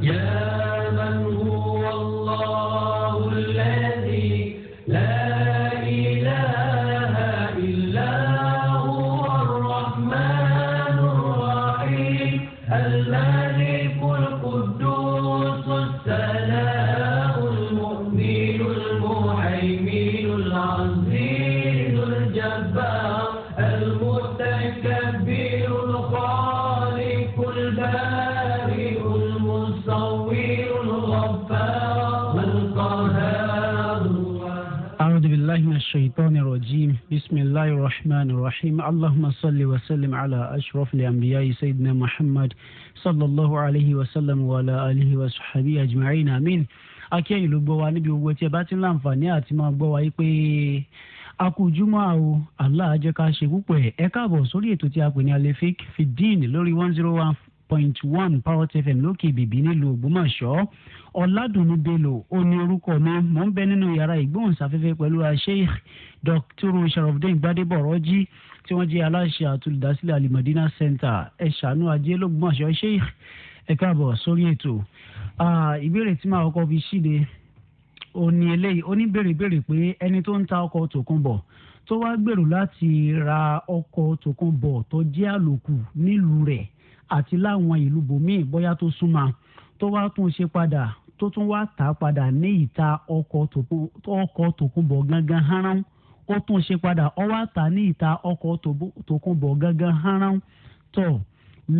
Yeah. الرحمن الرحيم اللهم صل وسلم على أشرف الأنبياء سيدنا محمد صلى الله عليه وسلم وعلى آله وصحبه أجمعين آمين akẹ́ ìlú gbọ́ wa níbi owó tí ẹ bá ti ń láǹfààní àti máa gbọ́ wa yìí pé a kú júmọ́ àwò Allah á jẹ́ ká ṣe púpọ̀ ẹ̀ ẹ káàbọ̀ sórí ètò tí a pè ní alefik fidin lórí one zero one point one Power FM lókè bèbí nílùú Ògbómọ̀ṣọ́ ọ̀làdùnú bello ó ní orúkọ mi mò ń bẹ nínú yàrá ìgbóhùnsáfẹ́fẹ́ pẹ̀lú sheikh dr sharafdin gbadebo ọ̀rọ̀jì tí wọ́n jẹ́ aláṣẹ àtúndásílẹ̀ alimadina center ẹ̀ ṣàánú ajé lógún àṣọ sheikh ẹ káàbọ̀ sórí ètò ìbéèrè tí màá kọ́ fi ṣíde òní eléyìí oníbèrèbèrè pé ẹni tó ń ta ọkọ̀ tòkunbọ̀ tó wá gbèrò láti ra ọkọ̀ tòkunbọ̀ tó jẹ́ àlòkù nílùú rẹ̀ àti láwọn ìlú bòmíì bóyá tó súnmọ́ tó wá tún ṣe padà tó tún wá tà padà ní ìta ọkọ̀ tòkunbọ̀ gangan haran ó tún ṣe padà ó wá tà ní ìta ọkọ̀ tòkunbọ̀ gangan haran tó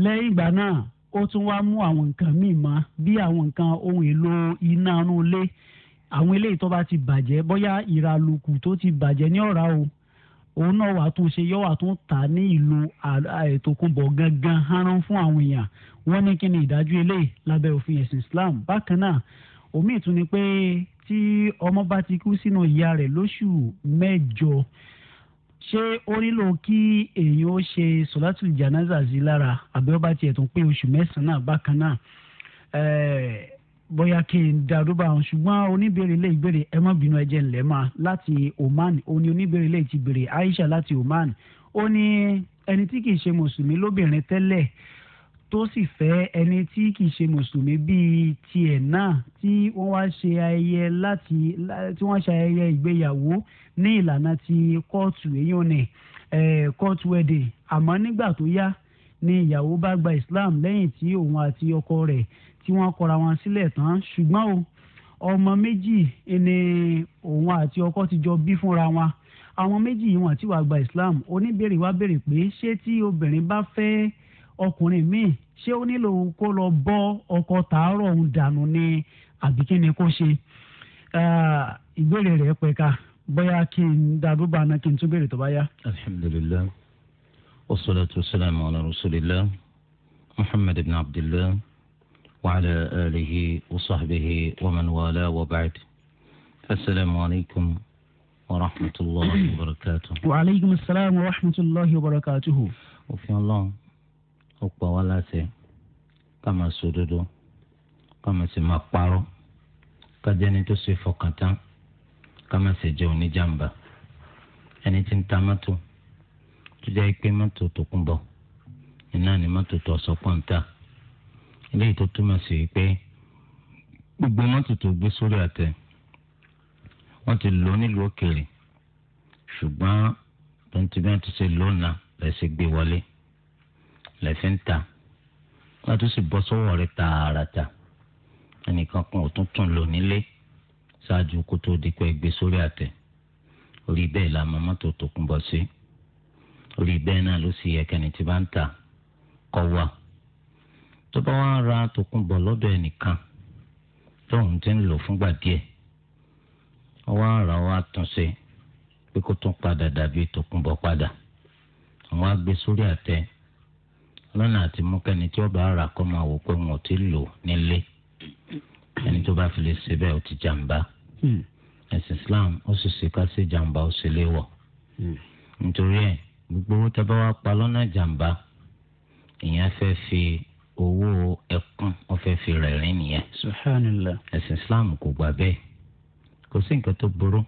lẹ́yìn ìgbà náà ó tún wá mú àwọn nǹkan míì mọ́ bí àwọn nǹkan ohun èlò iná inú ilé àwọn eléyìí tó bá ti bàjẹ́ bóyá ìràlùkù tó ti bàjẹ́ ní ọ̀rá o òun náà wà tó ṣe yọ́ wà tó ń tà ní ìlú àìtòkùnbọ̀ gangan haran fún àwọn èèyàn wọ́n ní kí ni ìdájọ́ eléyìí lábẹ́ òfin ẹ̀sìn Islam bákan náà omi ìtún ni pé tí ọmọ bá ti kú sínú ìyá rẹ̀ lóṣù mẹ́jọ ṣé ó nílò kí èèyàn ó ṣe sọ̀látùl jánásà sí lára àbí ó bá tiẹ̀ tún pé oṣù mẹ́sàn-án bákan náà bóyá kí n darúgbó àwọn ṣùgbọ́n oníbèrè lè béèrè ẹ má bínú ẹ jẹ́ ńlẹ́ láti Oman òní oníbèrè lè ti béèrè Aisha láti Oman ó ní ẹni tí kìí ṣe mùsùlùmí lóbìnrin tẹ́lẹ̀ tó sì fẹ́ ẹni tí kìí ṣe mùsùlùmí bíi tiẹ̀ náà tí wọ́n wá ṣe ayẹyẹ láti tí wọ́n ṣe ayẹyẹ ìgbéyàwó ní ìlànà ti kóòtù èyí ni court wedding àmọ́ nígbà tó yá ni ìyàwó bá gba Islam lẹ́yìn tí òun àti ọkọ rẹ̀ tí wọ́n kọra wọn sílẹ̀ tán ṣùgbọ́n o ọmọ méjì ni òun àti ọkọ ti jọ bí fúnra wọn àwọn méjì yìí wọn ti wà gba Islam oníbèrè wa béèrè pé ṣé tí obìnrin bá fẹ́ ọkùnrin míì ṣé ó nílò kó lọ bọ́ ọkọ tààrọ̀ òun dànù ni àbí kí ni kó ṣe ìbéèrè rẹ̀ pẹ̀ka bóyá kí n dàdúbà náà kí n tún béèrè tó bá yá. alhamdulilayi wa salatu wa salam ala rasulillah muhammad ibn abdillah. وعلى آله وصحبه ومن والاه وبعد السلام عليكم ورحمة الله وبركاته وعليكم السلام ورحمة الله وبركاته وفي الله أقوى ولا سي كما سوددو كما سما قارو كجاني تسي فوقتا كما سجوني جنبا ẹni tí ń ta mọ́tò tó jẹ́ pé eléyìí tó túmọ̀ sí pé gbogbo mọ́tò tó gbé sórí àtẹ wọ́n ti lò nílùú òkèèrè ṣùgbọ́n tuntun bí wọ́n ti ṣe lọ́nà lẹ́sẹ̀ gbé wọlé lẹ́sẹ̀ ń ta wọ́n tún sì bọ́ sọ́wọ́ rẹ̀ tààràtà ẹnìkan kan ò tún tún lò nílé ṣáájú kó tó di pé gbé sórí àtẹ orí bẹ́ẹ̀ la mọ mọ́tò tó kún bọ́ sí orí bẹ́ẹ̀ náà ló sì yẹ kẹ́ni tí bá ń ta kọ́ wà. tó bá wá ra tòkun bọ̀ lọ́dọ̀ ẹnìkan tóun ti ń lò fúngbà díẹ̀ wọ́n á ra wọ́n tún ṣe pé kó tún padà dàbí tòkun bọ̀ padà àwọn sórí àtẹ lọ́nà àti mú kẹ́ni tí ó bá ti lò nílé ẹni tó bá fi lè ṣe bẹ́ẹ̀ ó ti jàǹbá hmm. ẹ̀sìn Islam ó hmm. gbogbo owó tẹ́ bá wá pa lọ́nà jàǹbá fi owó ẹkún ọfẹ fèrè rẹ nìyẹn. subhanallah. ẹ̀sìn islam kò gbà bẹ́ẹ̀ kò sí nǹkan tó burú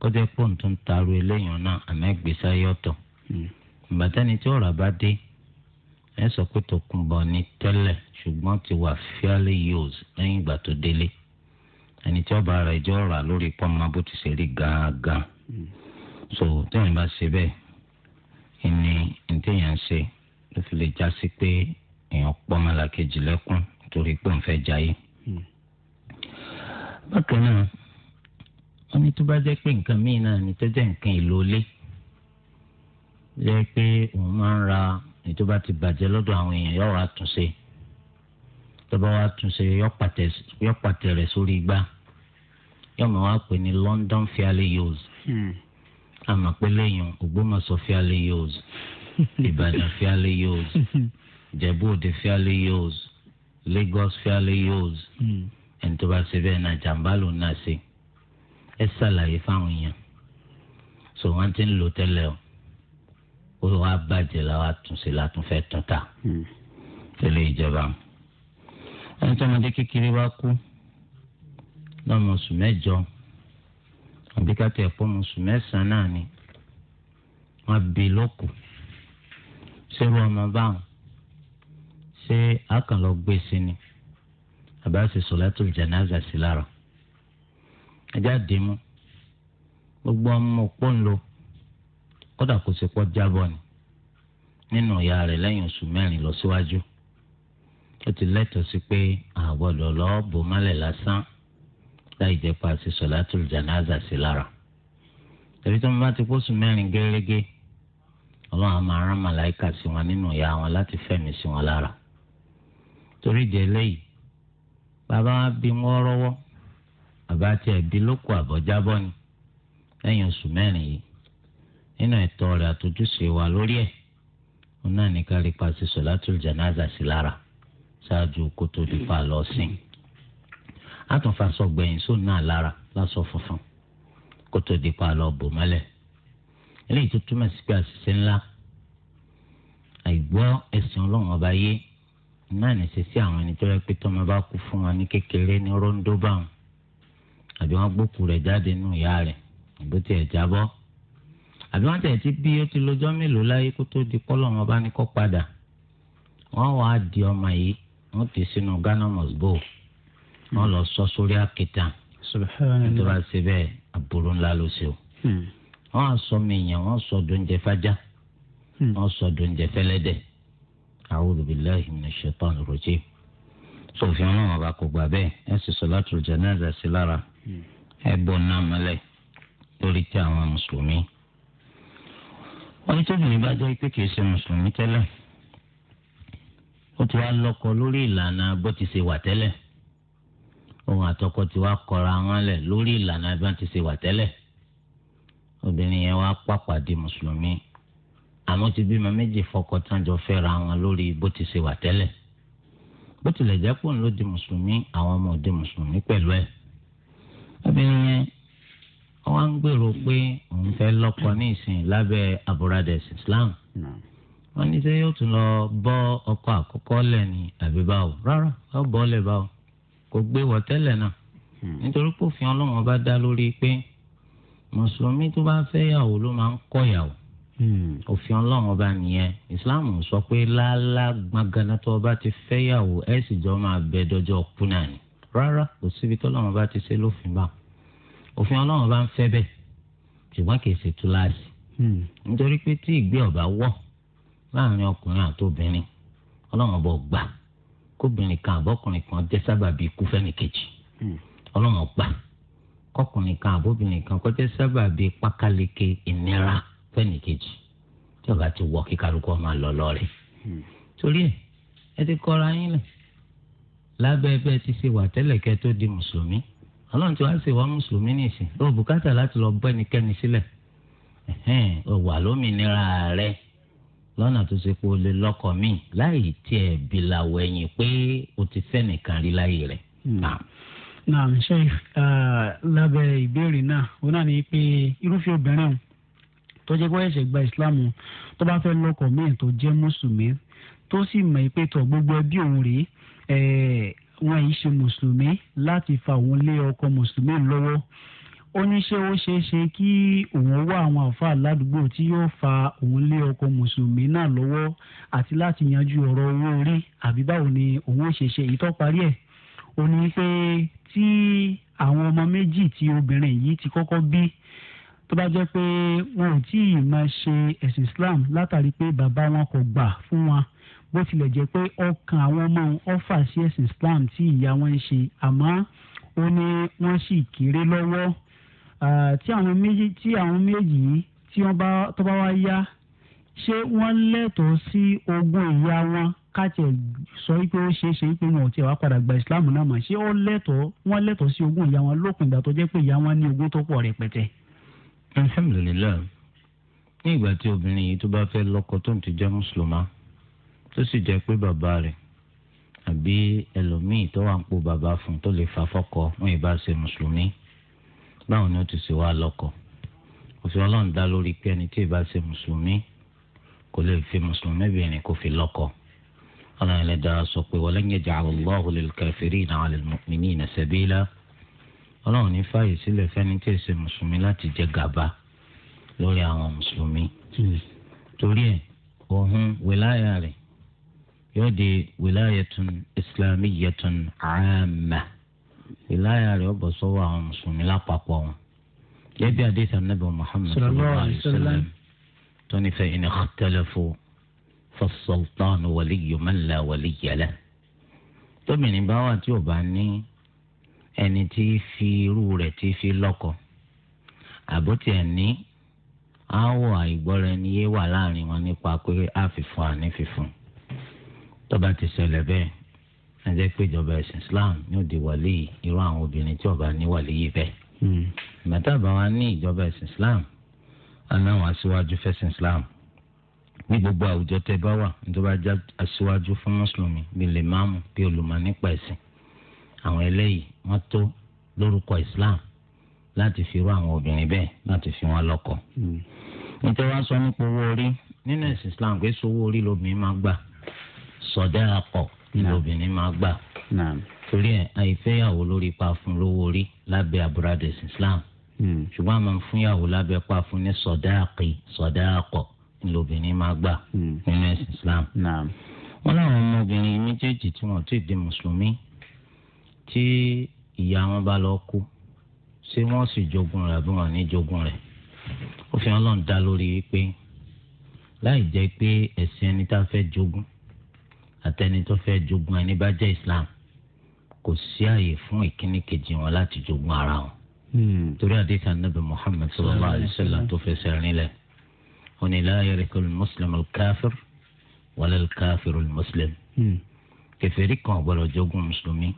kọjá pọ̀ tó ń taru eléyàn náà àmọ́ ẹgbẹ́sá yọ̀tọ̀. Hmm. ìbátẹ́ni tí ọ̀rọ̀ bá dé ẹ sọ pé tòkunbọ̀ ni tẹ́lẹ̀ ṣùgbọ́n ti wà fíálẹ̀ yóòs lẹ́yìn ìgbà tó délé ẹni tí ọba rẹ̀ jọ rà lórí pọ́nmọ́ bó ti ṣe rí gángan. Hmm. so tẹ́yìn bá ṣe bẹ́ẹ̀ ìní ìtẹ̀yàn ṣe ló fi lè já sí pé èèyàn pọ́ malakeji lẹ́kún torí pé òun fẹ́ jayé. Hmm. bákan náà wọ́n ní tó bá jẹ́ pé nǹkan míì náà ni tó jẹ́ nǹkan èlò ilé jẹ́ pé òun máa ń ra ní tó bá ti bàjẹ́ lọ́dọ̀ àwọn èèyàn yóò wá túnṣe tó bá wá túnṣe yóò pàtẹ rẹ̀ sórí igbá yóò máa wá pè ní London fairly used àmọ́ hmm. pé lẹ́yìn Ògbómọ̀ṣọ́ fairly used Ìbàdàn fairly used. Ìjẹ̀bú Òde fíálẹ̀ yóòs Lagos fíálẹ̀ yóòs hmm. ẹni tó bá ṣe bẹ́ẹ̀ náà jàǹbá ló náà ṣe ẹ ṣàlàyé fáwọn èèyàn so wọ́n ti ń lò tẹ́lẹ̀ o ó wá bàjẹ́ làwọn àtúnṣe látúnfẹ́ tún ta hmm. tẹ́lẹ̀ ìjọba ẹni tó ọmọdé kékeré wá kú lọ́mọ oṣù mẹ́jọ àbí kátà ẹ̀pọ́ ọmọ oṣù mẹ́sàn-án náà ni wọ́n bí lókù ṣé wọ́n ọmọ báwọn ṣé a kàn lọ gbé sí ni àbá ṣe sọ̀látù jánásà sí lára ẹjá dìímú gbogbo ọmọ pọ́ńlò kódà kò ṣe pọ́ jábọ̀ ni nínú ìyá rẹ̀ lẹ́yìn oṣù mẹ́rin lọ síwájú ó ti lẹ́tọ̀ọ́ sí pé àgbọ̀dọ̀ lọ́ọ́ bò mọ́lẹ̀ lásán láì jẹ́ pa ṣe sọ̀látù jánásà sí lára tẹ̀lé tó ń bá ti pósù mẹ́rin gẹ́gẹ́ ọlọ́run á máa rán sí wọn nínú ìyá wọn láti fẹ̀mí sí wọn lára torí ìdí eléyìí bàbá wa bí wọn rọwọ bàbá tiẹ̀ bí lóko àbọ̀jábọ̀ ni lẹ́yìn oṣù mẹ́rin yìí nínú ẹ̀tọ́ rẹ̀ àtúntúnṣe wa lórí ẹ̀ òun náà ní kárí paṣẹ sọ̀látùl jánásà sí lára ṣáájú kó tó di pa lọ sí i àtúnfàṣọ gbẹ̀yìn sóun náà lára láṣọ funfun kó tó lọ bò mọ́lẹ̀ eléyìí tó túmọ̀ sí pé àṣìṣe ńlá àìgbọ́ ẹ̀sìn ọlọ́run ọba yé náà nìṣe sí àwọn ẹni tó yẹ pé tọ́mọ bá kú fún wa ní kékeré ní rọ́ńdó báwọn àbí wọ́n gbókù rẹ̀ jáde nù ìyá rẹ̀ àbí ó tiẹ̀ jábọ́ àbí wọ́n tẹ̀ ti bí ó ti lọ́jọ́ mélòó láyé kó tó di kọ́lọ̀ wọn bá ní kó padà wọ́n wàá di ọmọ yìí wọ́n ti sínú Ghana must go wọ́n lọ sọ sórí àkìtà nítorí àti bẹ́ẹ̀ àbúrò ńlá ló ṣe o hmm. wọ́n sọ mí yẹn wọ́n sọ dóúnjẹ fájá hmm. wọ́n sọ dóúnjẹ fẹ́lẹ́dẹ̀ẹ́ a'udhu billahi minash shaitanir rajim sòfin ọlọ́run ọba kò gbà bẹ́ẹ̀ ẹ sì solatul janaza sí lára ẹ bọ̀ náà mọ́lẹ̀ lórí tí àwọn mùsùlùmí. wọ́n ní tóbi nígbà jẹ́ pé kìí ṣe mùsùlùmí tẹ́lẹ̀ ó ti wá lọ́kọ lórí ìlànà bó ti ṣe wà tẹ́lẹ̀ òun àtọkọ ti wá kọra wọn lórí ìlànà bí wọ́n ti ṣe wà tẹ́lẹ̀ obìnrin yẹn wá pàpà di mùsùlùmí àmọ́ ti bímọ méjì fọkọ tán jọ fẹ́ra wọn lórí bó ti ṣe wà tẹ́lẹ̀ bó tilẹ̀ jẹ́ pọ̀ ló di mùsùlùmí àwọn ọmọ òde mùsùlùmí pẹ̀lú ẹ̀ obìnrin yẹn wọ́n ń gbèrò pé òun fẹ́ lọ́kọ ní ìsìn lábẹ́ aburades Islam wọ́n ní sẹ́yìn ó tún lọ bọ́ ọkọ àkọ́kọ́ lẹ̀ ní àbíbáwò rárá ó bọ́ lẹ̀ báwò kò gbé wọ̀ tẹ́lẹ̀ náà hmm. nítorí pòfin ọlọ́run bá dá lórí pé mùsùlùmí tó bá fẹ́ yàwó ló máa ń kọ́ yàwó Hmm, òfin ọlọ́run ọba nìyẹn islam sọ pé lálá gbangana tó ọba ti fẹ́yàwó ẹ̀ sì jọ máa bẹ dọ́jọ́ kùnà ni rárá kò síbi tọ́lọ́run ọba ti ṣe lófin bá òfin ọlọ́run ọba ń fẹ́ bẹ́ẹ̀ ṣùgbọ́n kì í ṣe túláàsì hmm. nítorí pé tí ìgbé ọba wọ̀ láàrin ọkùnrin àtòbìnrin ọlọ́run ọba gbà kóbìnrin kan àbọ́kùnrin kan jẹ́ sábàbí ikú fẹ́ni kejì hmm. ọlọ́run ọgbà kọkùnrin kan àbóbìnrin kan kọjá sábàbí pákáleke ìnira fẹ́nìkejì tí ọba ti wọ kí kálukú máa lọ lọ́ọ̀rẹ́ hmm. torí ẹ ẹ ti kọ́ra yín lẹ̀ lábẹ́ ẹbẹ́ ti ṣe wà tẹ́lẹ̀ kẹ́ tó di mùsùlùmí ọlọ́run ti wá ṣe wá mùsùlùmí nìsín ó bùkátà láti lọ bọ́ ẹnikẹ́ni sílẹ̀ ó wà lómìnira rẹ lọ́nà tó ṣe lè lọ́kọ̀ láì tiẹ̀ bìlàwọ̀ ẹ̀yìn pé o ti fẹ́nìkan rí láyé hmm. naam sheikh ah, ìbéèrè náà ó náà ní pé irúfẹ́ obìnrin tó jẹ́ pé ẹ̀ṣẹ̀ gba islam tó bá fẹ́ lọ́kọ míì tó jẹ́ mùsùlùmí tó sì mọ̀ pé tọ̀ gbogbo ẹbí òun rèé wọn yìí ṣe mùsùlùmí láti fa òun lé ọkọ mùsùlùmí lọ́wọ́ ó ní ṣé ó ṣeé ṣe kí òun wá àwọn àfáà ládùúgbò tí yóò fa òun lé ọkọ mùsùlùmí náà lọ́wọ́ àti láti yanjú ọ̀rọ̀ owó orí àbí báwo ni òun ó ṣe ṣe ìtọ́ parí ẹ̀ ó ní pé tí àwọn ọmọ méjì tí obìnrin yìí ti kọ́kọ́ bí tó bá jẹ́ pé wọn ò tí ì máa ṣe ẹ̀sìn islam látàrí pé bàbá wọn kò gbà fún wọn bó tilẹ̀ jẹ́ pé ọkàn àwọn ọmọ wọn sí ẹ̀sìn islam tí ìyá wọn ń ṣe àmọ́ ó ní wọ́n sì kéré lọ́wọ́ tí àwọn méjì tí àwọn méjì yìí tí wọ́n bá tó bá wá yá ṣé wọ́n lẹ́tọ̀ọ́ sí ogún ìyá wọn káàtì sọ wípé ó ṣeé ṣe wípé wọn ò tiẹ̀ wá padà gba islam náà mọ̀ ṣé ó lẹ́tọ̀ọ́ wọ́n lẹ́tọ̀ọ́ sí ogún ìyá wọn lópin ìgbà tó jẹ́ pé ìyá wọn ní ogún tó pọ̀ rẹpẹtẹ alhamdulilayi ní ìgbà tí obìnrin yìí tó bá fẹ́ lọ́kọ tó ń ti jẹ́ mùsùlùmá tó sì jẹ́ pé bàbá rẹ̀ àbí ẹlòmíì tó wà ń po bàbá fún tó lè fà fọ́kọ wọn ìbá ṣe mùsùlùmí báwo ni ó ti ṣe wá lọ́kọ òfin ọlọ́run dá lórí pé ẹni tí ìbá ṣe mùsùlùmí kò lè fi mùsùlùmí bìnrin kò fi lọ́kọ ọlọ́run ẹlẹ́dàá sọ pé walan yaj'ala Allahu lil kafirina 'ala al mu'minina ọlọ́run ní fàyè sílẹ̀ fẹ́ni tí èsè mùsùlùmí láti jẹ gàba lórí àwọn mùsùlùmí torí ẹ̀ òun wìláyà rẹ̀ yóò di wìláyàtun islamiyatun àmà wìláyà rẹ̀ ọ̀bọ̀ sọ́wọ́ àwọn mùsùlùmí lápapọ̀ wọn. yẹ́bí adéṣà nàbẹ̀ muhammed sallallahu alayhi wa sallam tóní fẹ́ in ikhtalafu fassultan waliyyu man la waliyya lahu tóbìnrin tí ò bá ní. ẹni tí fi irú rẹ̀ tí fi lọ́kọ àbótí ẹni aáwọ̀ àìgbọ́ra-ẹni-yé wà láàrin wọn nípa pé a fìfún àní fífún tó ti ṣẹlẹ̀ bẹ́ẹ̀ ẹ jẹ́ pé ìjọba ẹ̀sìn Islam ní òde wàlẹ́ irú àwọn obìnrin tí ọba ní wàlẹ́ yìí bẹ́ẹ̀ mẹ́ta hmm. bá wa ní ìjọba ẹ̀sìn Islam aṣíwájú fẹ́sìn Islam ní gbogbo àwùjọ tẹ bá wà ní tó bá já àwọn eléyìí wọ́n tó lórúkọ islam láti fi rú àwọn obìnrin bẹ́ẹ̀ láti fi wọn lọ́kọ. Hmm. nítorí wọ́n sọ nípa owó orí nínú ẹ̀sìn islam pé sowó orí lobìnrin máa gbà sọdá akọ lobìnrin máa gbà torí ẹ̀ àìfẹ́yàwó lórí ipa fún lówó orí lábẹ́ àbúradà ẹ̀sìn islam hmm. ṣùgbọ́n a máa ń fúnyàwó lábẹ́ ipa fún ní sọdá àkè sọdá akọ lobìnrin máa gbà hmm. nínú ẹ̀sìn islam. wọ́n láwọn ọmọbìnrin méjèèjì tí wọ́n ti di mùsùlùmí tí ìyá wọn bá lọ kú ṣé wọn sì jogun rẹ̀ àbí wọn ní jogun rẹ̀ ó fi hàn lọ́n dá lórí pé láì jẹ́ pé ẹ̀sìn ẹni tá a fẹ́ jogun àtẹni tó fẹ́ jogun ẹni bá jẹ́ Islam kò sí àyè fún ìkíní kejì wọn láti jogun ara wọn. Hmm. torí àdéhùn anábì Muhammad sallallahu alayhi wa sallam tó fẹsẹ̀ rinlẹ̀ ó ní la yarikul muslim al-kafir wala al-kafir al-muslim hmm. kèfèrí kan ò jogun mùsùlùmí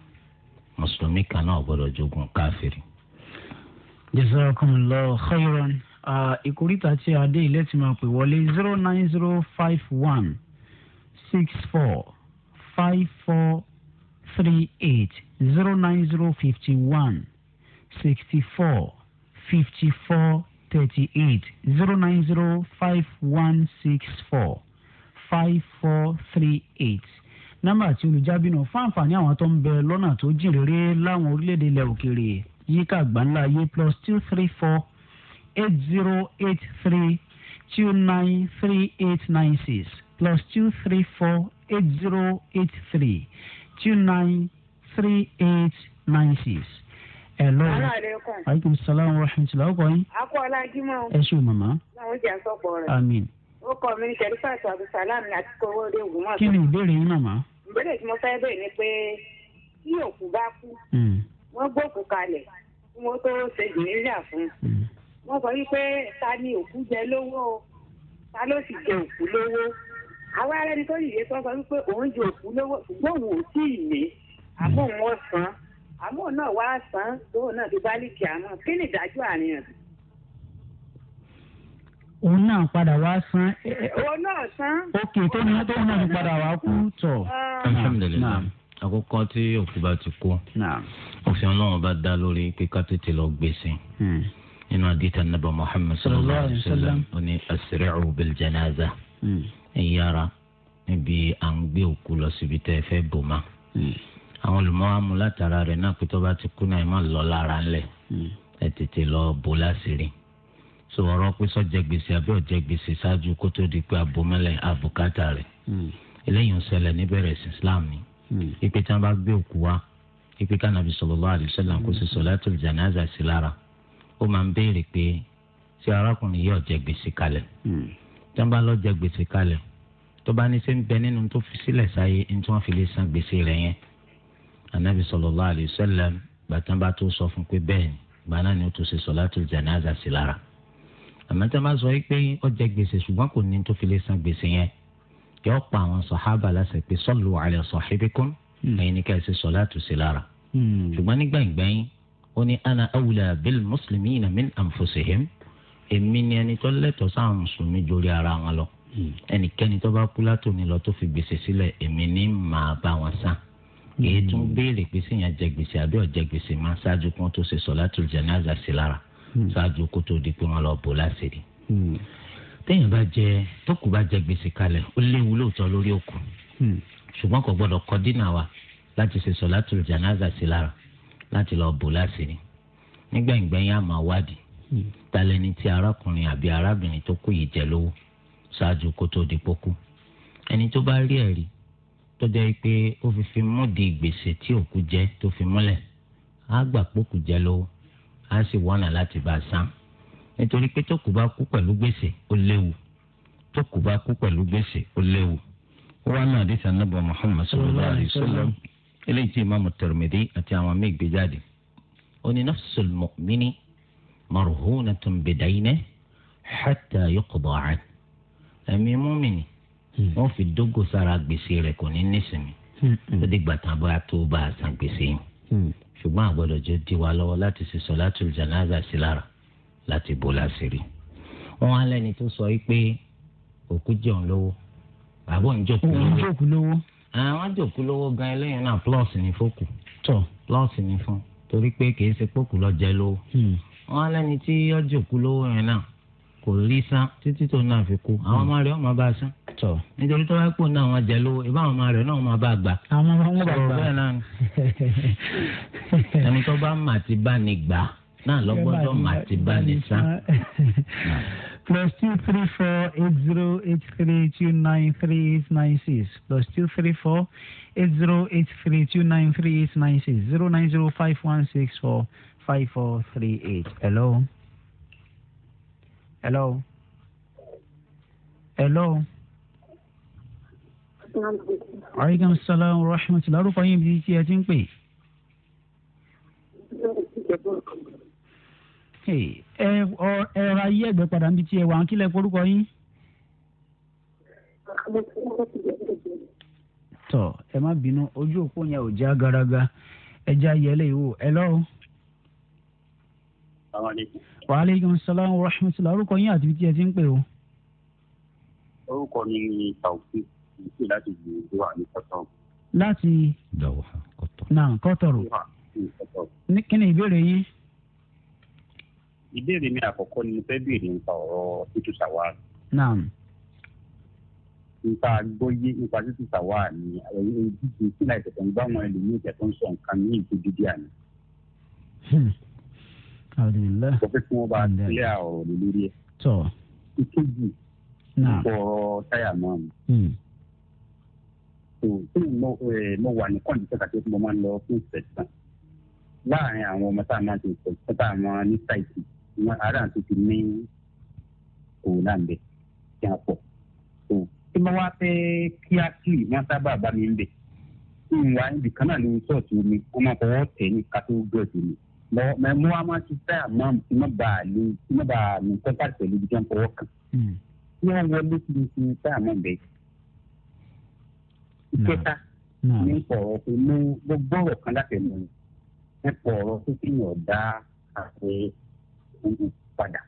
mùsùlùmí kan náà gbọ́dọ̀ jogun káfíìrì. jazakumullahu khairan ìkórìtà tí a dé ilé tí máa pè wọlé zero nine zero five one six four five four three eight zero nine zero fifty one sixty four fifty four thirty eight zero nine zero five one six four five four three eight nọ́mbà àti olùjábí náà fún àǹfààní àwọn tó ń bẹ lọ́nà tó jìn réré láwọn orílẹ̀-èdè ilẹ̀ òkèèrè yíká àgbáńlá ayé plus two three four eight zero eight three two nine three eight nine six plus two three four eight zero eight three two nine three eight nine six. Hello. aleykum salaam wa rahmatulah. ọkọ yín. akọ ọlájúmọ. ẹ ṣé o màmá. láwọn jẹ àsọpọ rẹ. àmín. ó kọ mi ní sẹrífà àti abdulsalam ní àtikọ owó kí ni ìbéèrè yín màmá ìbéèrè tí mo fẹ́ bèèrè ni pé tí òkú bá kú hmm. wọ́n gbókú kalẹ̀ kí wọ́n tó ṣe jìnnìyà fún un hmm. wọ́n sọ wípé ta ni òkú jẹ lówó ta ló sì jẹ òkú lówó àwa ara ẹni tó yìí tó sọ wípé òun jẹ òkú lówó ṣùgbọ́n òun ò tí ì ní àmọ́ òun ọ̀sán àmọ́ òun náà wá sàn án lóun náà fi bá lè àmọ́ kí ni ìdájọ́ àárín ẹ̀sìn òun náà padà wá san. òun náà san. ok tó ní tó náà fi padà wá kú tọ. Ah. alhamdulilayi àkọ́kọ́ tí òkú bá ti kú òfin Ọlọ́run bá dá lórí pé tètè lọ gbèsè e hmm. nínú àdìtà nàbà Muhammad sallallahu alayhi wa sallam ó ní asri'u bil janaza hmm. ẹ yára níbi à ń gbé òkú lọ síbi tẹ́ ẹ fẹ́ bò má hmm. àwọn olùmọ̀ọ́ amúlátara rẹ̀ náà pé tó bá ti kú náà ẹ má lọ lára ńlẹ̀ ẹ tètè lọ bò láṣìírí sọ̀rọ̀ pé sọ́jẹ́ gbèsè àbí ọ̀jẹ́ gbèsè ṣáájú kó tó di pé abomẹ́lẹ̀ àbùkátà rẹ̀ hmm. eléyìí ń ṣẹlẹ̀ níbẹ̀rẹ̀ sí Islam ni hmm. ipe tí wọ́n bá gbé òkú wa ipe kánàbí sallallahu alaihi wasallam kó ṣe hmm. solatul janaza sí lára ó máa ń béèrè pé ṣé arákùnrin yóò jẹ gbèsè kalẹ̀ tí wọ́n bá lọ jẹ gbèsè kalẹ̀ tó bá ní ṣe ń bẹ nínú tó fi sílẹ̀ sáyé ní tí wọ́n fi lè san gbèsè rẹ̀ yẹn anabi sallallahu alaihi gbàtàn bá tó sọ fún pé bẹ́ẹ̀ ni ni ó tó ṣe solatul janaza sí lára àmọ́ tí a máa sọ yìí pé ó jẹ gbèsè ṣùgbọ́n kò ní tó fi lè san gbèsè yẹn yóò pa àwọn sàhábà láṣẹ pé sallu ala sahibikum hmm. ẹ̀yin ni ká ẹ ṣe salatu sí lára hmm. ṣùgbọ́n nígbà ìgbẹ́yìn ó ní ana awla bil muslimina min anfusihim èmi ni ẹni tó lẹ́tọ̀ọ́ sáwọn mùsùlùmí jórí ara wọn lọ hmm. ẹnikẹ́ni tó bá kú látòní lọ tó fi gbèsè sílẹ̀ èmi ni màá bá wọn san èyí tún béèrè pé síyàn jẹ gbèsè àbí ọ̀jẹ̀ gbèsè máa ṣáájú kí wọ́n tó ṣe solatul janaza sí lára Hmm. ṣáájú kó tó di pé wọ́n lọ bò láṣìírí. Hmm. téèyàn bá jẹ tókù bá jẹ gbèsè kalẹ̀ ó léwu lóòótọ́ lórí òkú hmm. ṣùgbọ́n kò gbọ́dọ̀ kọ dínà wa láti ṣe sọ̀látùl jánásà sí lára láti lọ bò láṣìírí nígbẹ̀ngbẹ̀yìn àmọ́ wádìí talẹ́ni tí arákùnrin àbí arábìnrin tó kù yìí jẹ lówó ṣáájú kó tó di pọ́kú ẹni tó bá rí ẹ̀rí tó jẹ́ pé ó fi fi múdi gbèsè tí òkú jẹ tó fi múlẹ̀ á gbà pókù jẹ lówó á sì wọ́nà láti bá a san nítorí pé tó kù bá kú pẹ̀lú gbèsè ó léwu tó kù bá kú pẹ̀lú gbèsè ó léwu wọn náà dé sàn nàbọ Muhammad sallallahu alayhi wa eléyìí tí imaamu Tirmidhi àti àwọn míì gbé jáde oní nafsul mu'mini marhunatun bidaynihi hatta yuqda anhu ẹ̀mí mọ́mìnì hmm. wọ́n fi dógò sára gbèsè rẹ̀ kò ní nísìmí hmm. ó dìgbà tán bá tó bá a san gbèsè yìí hmm ṣùgbọ́n àgbọ̀dọ̀ jẹ́ di wa lọ́wọ́ láti ṣe solatul janaza sí lára láti bò láṣìírí. wọ́n á lẹ́ni tó sọ pé òkú jẹun lówó bàbá òun jòkú lówó. àwọn jòkú lówó gan eléyìí náà plus ní fókù. tọ plus ní fún torí pé kì í ṣe pókù lọ jẹ lówó. Hmm. wọ́n á lẹ́ni tí ó jòkú lówó yẹn náà kò rí sán títí tó náà fi kú àwọn hmm. ọmọ rẹ̀ ọmọ bá sán tọ nítorí tó bá pò náà wọn jẹ lówó ìbá àwọn ọmọ rẹ náà máa bá gbà. àwọn ọmọ wọn bá gbà ẹni tó bá mà ti bá ní gbà náà lọ́gbọ́dọ̀ mà ti bá ní sá. plus two three four eight zero eight three two nine three eight nine six plus two three four eight zero eight three two nine three eight nine six zero nine zero five one six four five four three eight. hello. hello. hello aleykum salaam wa rahmatulah arúgbó yín bíi tí ẹ ti ń pè. ẹ ẹ ra yí ẹgbẹ́ padà níbi tí ẹ wà ń kílẹ̀ forúkọ yín. tọ ẹ má bínú ojú òpó yẹn ò já garaga ẹ já yẹlẹ ìwò ẹ lọ́wọ́. wa aleykum salaam wa rahmatulah arúgbó yín àti bíi tí ẹ ti ń pè o. orúkọ mi ni taofik ìpè láti ju ìwà ní kọ́tọ̀rù. láti náà kọ́tọ̀rù. ní kí ni ìbéèrè yín. ìbéèrè mi àkọ́kọ́ ni mo fẹ́ béèrè nípa ọ̀rọ̀ títú sàwárì. náà. nípa gbóyé nípa títú sàwárì ni ojúṣe sílẹ̀ ìtẹ̀tẹ̀ ń bá wọn ẹlòmíì ìtẹ̀ tó ń sọ nǹkan ní ìgbójú díà ni. Hmm. alhamdulilayi. sọ pé kí wọ́n bá tilẹ̀ ọ̀rọ̀ lórí ẹ̀. tọ́. ìkejì. náà. ọ̀rọ̀ táyà náà so tóun eh, mo wà ní kọ́ndíṣẹ́ kàtó tí mo máa ń lọ fún ìṣẹ̀sán láàrin àwọn ọmọ tá a máa ti ìṣẹ̀sán tá a máa ní sáìtì ara àti ti ní kòrónà ń bẹ kí a pọ̀ so tí mo wá fẹ́ kí á kí ìmọ̀ sábà bá mi ń bẹ̀ kí n wá ibì kan náà lórí ṣọ́ọ̀tì mi wọ́n máa fọwọ́ tẹ̀ ní kátó gẹ̀ẹ́sì mi lọ́wọ́ mo wá máa ti sáyà máa ti má bàa lè ti má bàa lè kọ́ńtà pẹ̀lú ibi tí wọ́n fọwọ́ hmm. tí wọ́n wọlé sí mi sí sáyà máa bẹ̀ẹ́ ìkẹta ní ọ̀rọ̀ tó mú gbogbo ọ̀rọ̀ kan látẹnu nípa ọ̀rọ̀ tó kí ni ọ̀dà àwẹ̀ owó padà.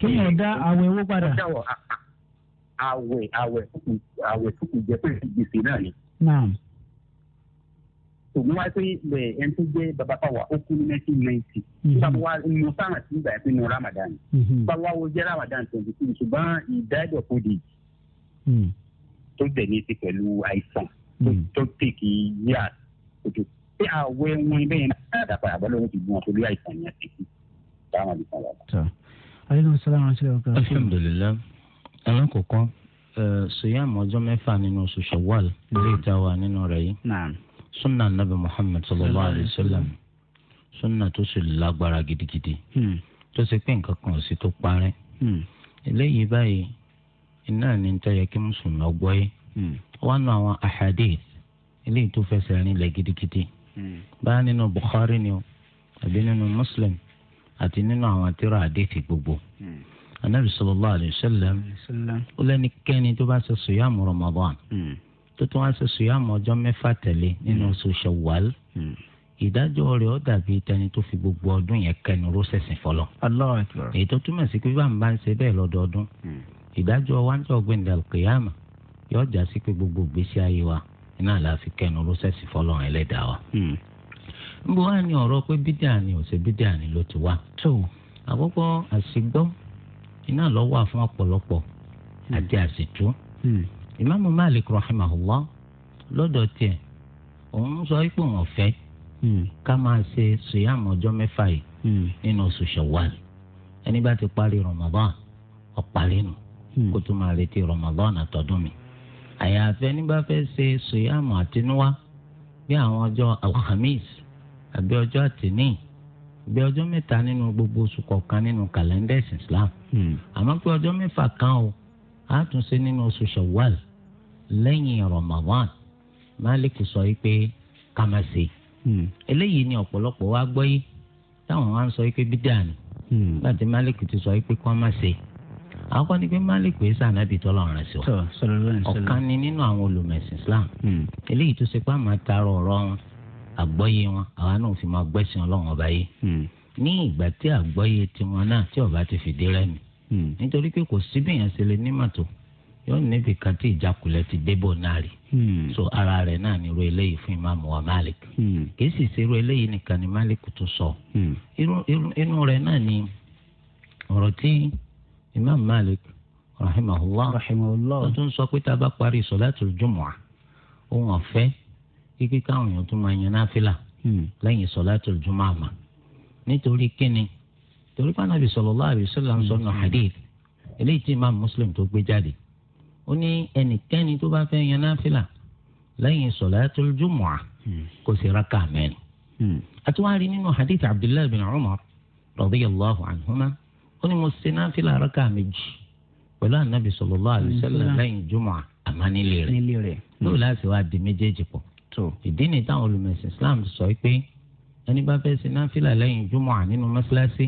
kéèyàn dá àwẹ̀ owó padà. àwẹ̀ àwẹ̀ àwẹ̀ tó kù jẹ́ pé gbèsè náà ni. ògùn wáyé pé bẹ́ẹ̀ ẹni tó jẹ́ bàbá pàwọ́ ó kú ní nineteen ninety. báwo wá mo sáà sí ìgbà yẹn pé mo ramadan. Mm-hmm. báwo wá wo jẹ́ ramadan twenty two ṣùgbọ́n ìdájọ́ kò dé tó dẹ̀ ní ti pẹ̀lú àìsàn tó hmm. tèkì yíyà òjò pé àwẹ̀ wọn bẹ́ẹ̀ náà dáadáa àbálẹ̀ wọn ti gbọ́n wọn pẹ̀lú àìsàn yẹn tèkì táwọn àbí kan wà. aleykum salaam wa rahmatulahi. alhamdulilayi alakoko siyam ọjọ́ mẹ́fà nínú oṣù shawwal lè ta wa nínú rẹ̀ yìí sunna nabi muhammad sallallahu alayhi wa sallam sunna tó sì lágbára gidigidi hmm. tó sì pé nǹkan kan ò sí tó parẹ́ hmm. eléyìí báyìí iná ní tó yẹ kí mùsùlùmí ọgbọ́ yé hmm. wọn nù àwọn ahadith eléyìí tó fẹsẹ̀ rinlẹ̀ gidigidi hmm. báyà nínú Bukhari ni o àbí nínú Muslim àti nínú àwọn tírà àdéhì gbogbo anabi hmm. sallallahu alayhi wa sallam ó lẹ́nikẹ́ni tó bá ṣe sùyàmù Ramadan tó tún wá ṣe sùyàmù ọjọ́ mẹ́fà tẹ̀lé nínú oṣù Shawwal ìdájọ́ rẹ̀ ó dàbí tẹni tó fi gbogbo ọdún yẹn kẹnu ró ṣẹ̀sìn fọlọ́. èyí tó túmọ̀ sí pé bá ń bá ń ṣe bẹ́ẹ̀ lọ́dọọdún ìdájọ́ wa ń tọ́gbìn dàlùkìyàmà yóò já sí pé gbogbo gbèsè ayé wa iná àlàáfi kẹnu rọ́sẹ̀sì fọlọ́run ẹlẹ́dàá wa. Hmm. níbo wá ní ọ̀rọ̀ pé bídíà ni ò ṣe bídíà ni ló ti wá. tó àkọ́kọ́ àṣìgbọ́ iná lọ wà fún ọ̀pọ̀lọpọ̀ hmm. àti àṣìtú. ìmáàmù Malik lọ́dọ̀ tiẹ̀ òun sọ pé òun ọ̀fẹ́ hmm. ká máa ṣe ọjọ́ mẹ́fà yìí nínú oṣù ẹni bá kó tó máa retí Ramadan àtọdún mi àyàfẹ́ nígbà fẹ́ ṣe sòyàmù àtinúwá bí àwọn ọjọ́ alhamis àbí ọjọ́ àtìní bí ọjọ́ mẹ́ta nínú gbogbo oṣù kọ̀ọ̀kan nínú kàlẹ́ndà ẹ̀sìn islam hmm. àmọ́ pé ọjọ́ mẹ́fà kan o á tún ṣe nínú oṣù shawwal lẹ́yìn ramadan malik sọ yìí pé ká má ṣe hmm. eléyìí ni ọ̀pọ̀lọpọ̀ wa gbọ́ yìí táwọn wá ń sọ yìí pé bídà ni hmm. malik ti sọ yìí pé kó àkọ́kọ́ ni pé malik wẹ́ẹ́ sànàbì tọ́lọ̀ ọ̀ràn sí wa ọ̀kan ni nínú àwọn olùmẹ̀sìn islam hmm. eléyìí tó ṣe pé àmà taarọ̀ ọ̀rọ̀ wọn àgbọ́yé wọn àwa náà fi máa gbẹ́sìn ọlọ́run ọba yìí hmm. ní ìgbà tí àgbọ́yé tiwọn náà tí ọba ti fìdí rẹ́mi hmm. nítorí pé kò síbí yẹn ṣe lè nímọ̀ yóò níbi kan tí ìjákulẹ̀ ti débò náà rí so ara rẹ̀ náà ni irú eléyìí fún imáàmù wa malik kì í sì ṣe irú eléyìí nìkan ni malik tó sọ inú rẹ̀ náà ni ọ̀rọ̀ tí imam malik rahimahullah rahimahullah wọn tún sọ pé tá a bá parí sọláàtì jùmọ̀à òun ọ̀fẹ́ kíkí káwọn èèyàn tún máa yan náfìlà hmm. lẹ́yìn sọláàtì jùmọ̀ àmà nítorí kíni torí pé anabi sallallahu alaihi wasallam sọ nù hadith eléyìí tí imam muslim tó gbé jáde ó ní ẹnikẹ́ni tó bá fẹ́ yan náfìlà lẹ́yìn sọláàtì jùmọ̀à hmm. kò sí rákà mẹ́rin àti hmm. wàá rí nínú hadith abdullahi bin umar radiyallahu anhuma ó ní mo ṣe náfìlà rákà méjì pẹ̀lú ànábì sallallahu alaihi wasallam lẹ́yìn jùmọ̀ àmọ́ nílé rẹ̀ lóò hmm. láti wá di méjèèjì pọ̀ ìdí ni táwọn olùmọ̀ẹ̀sìn Islam sọ pé ẹni bá fẹ́ ṣe náfìlà lẹ́yìn jùmọ̀ nínú mọ́ṣáláṣí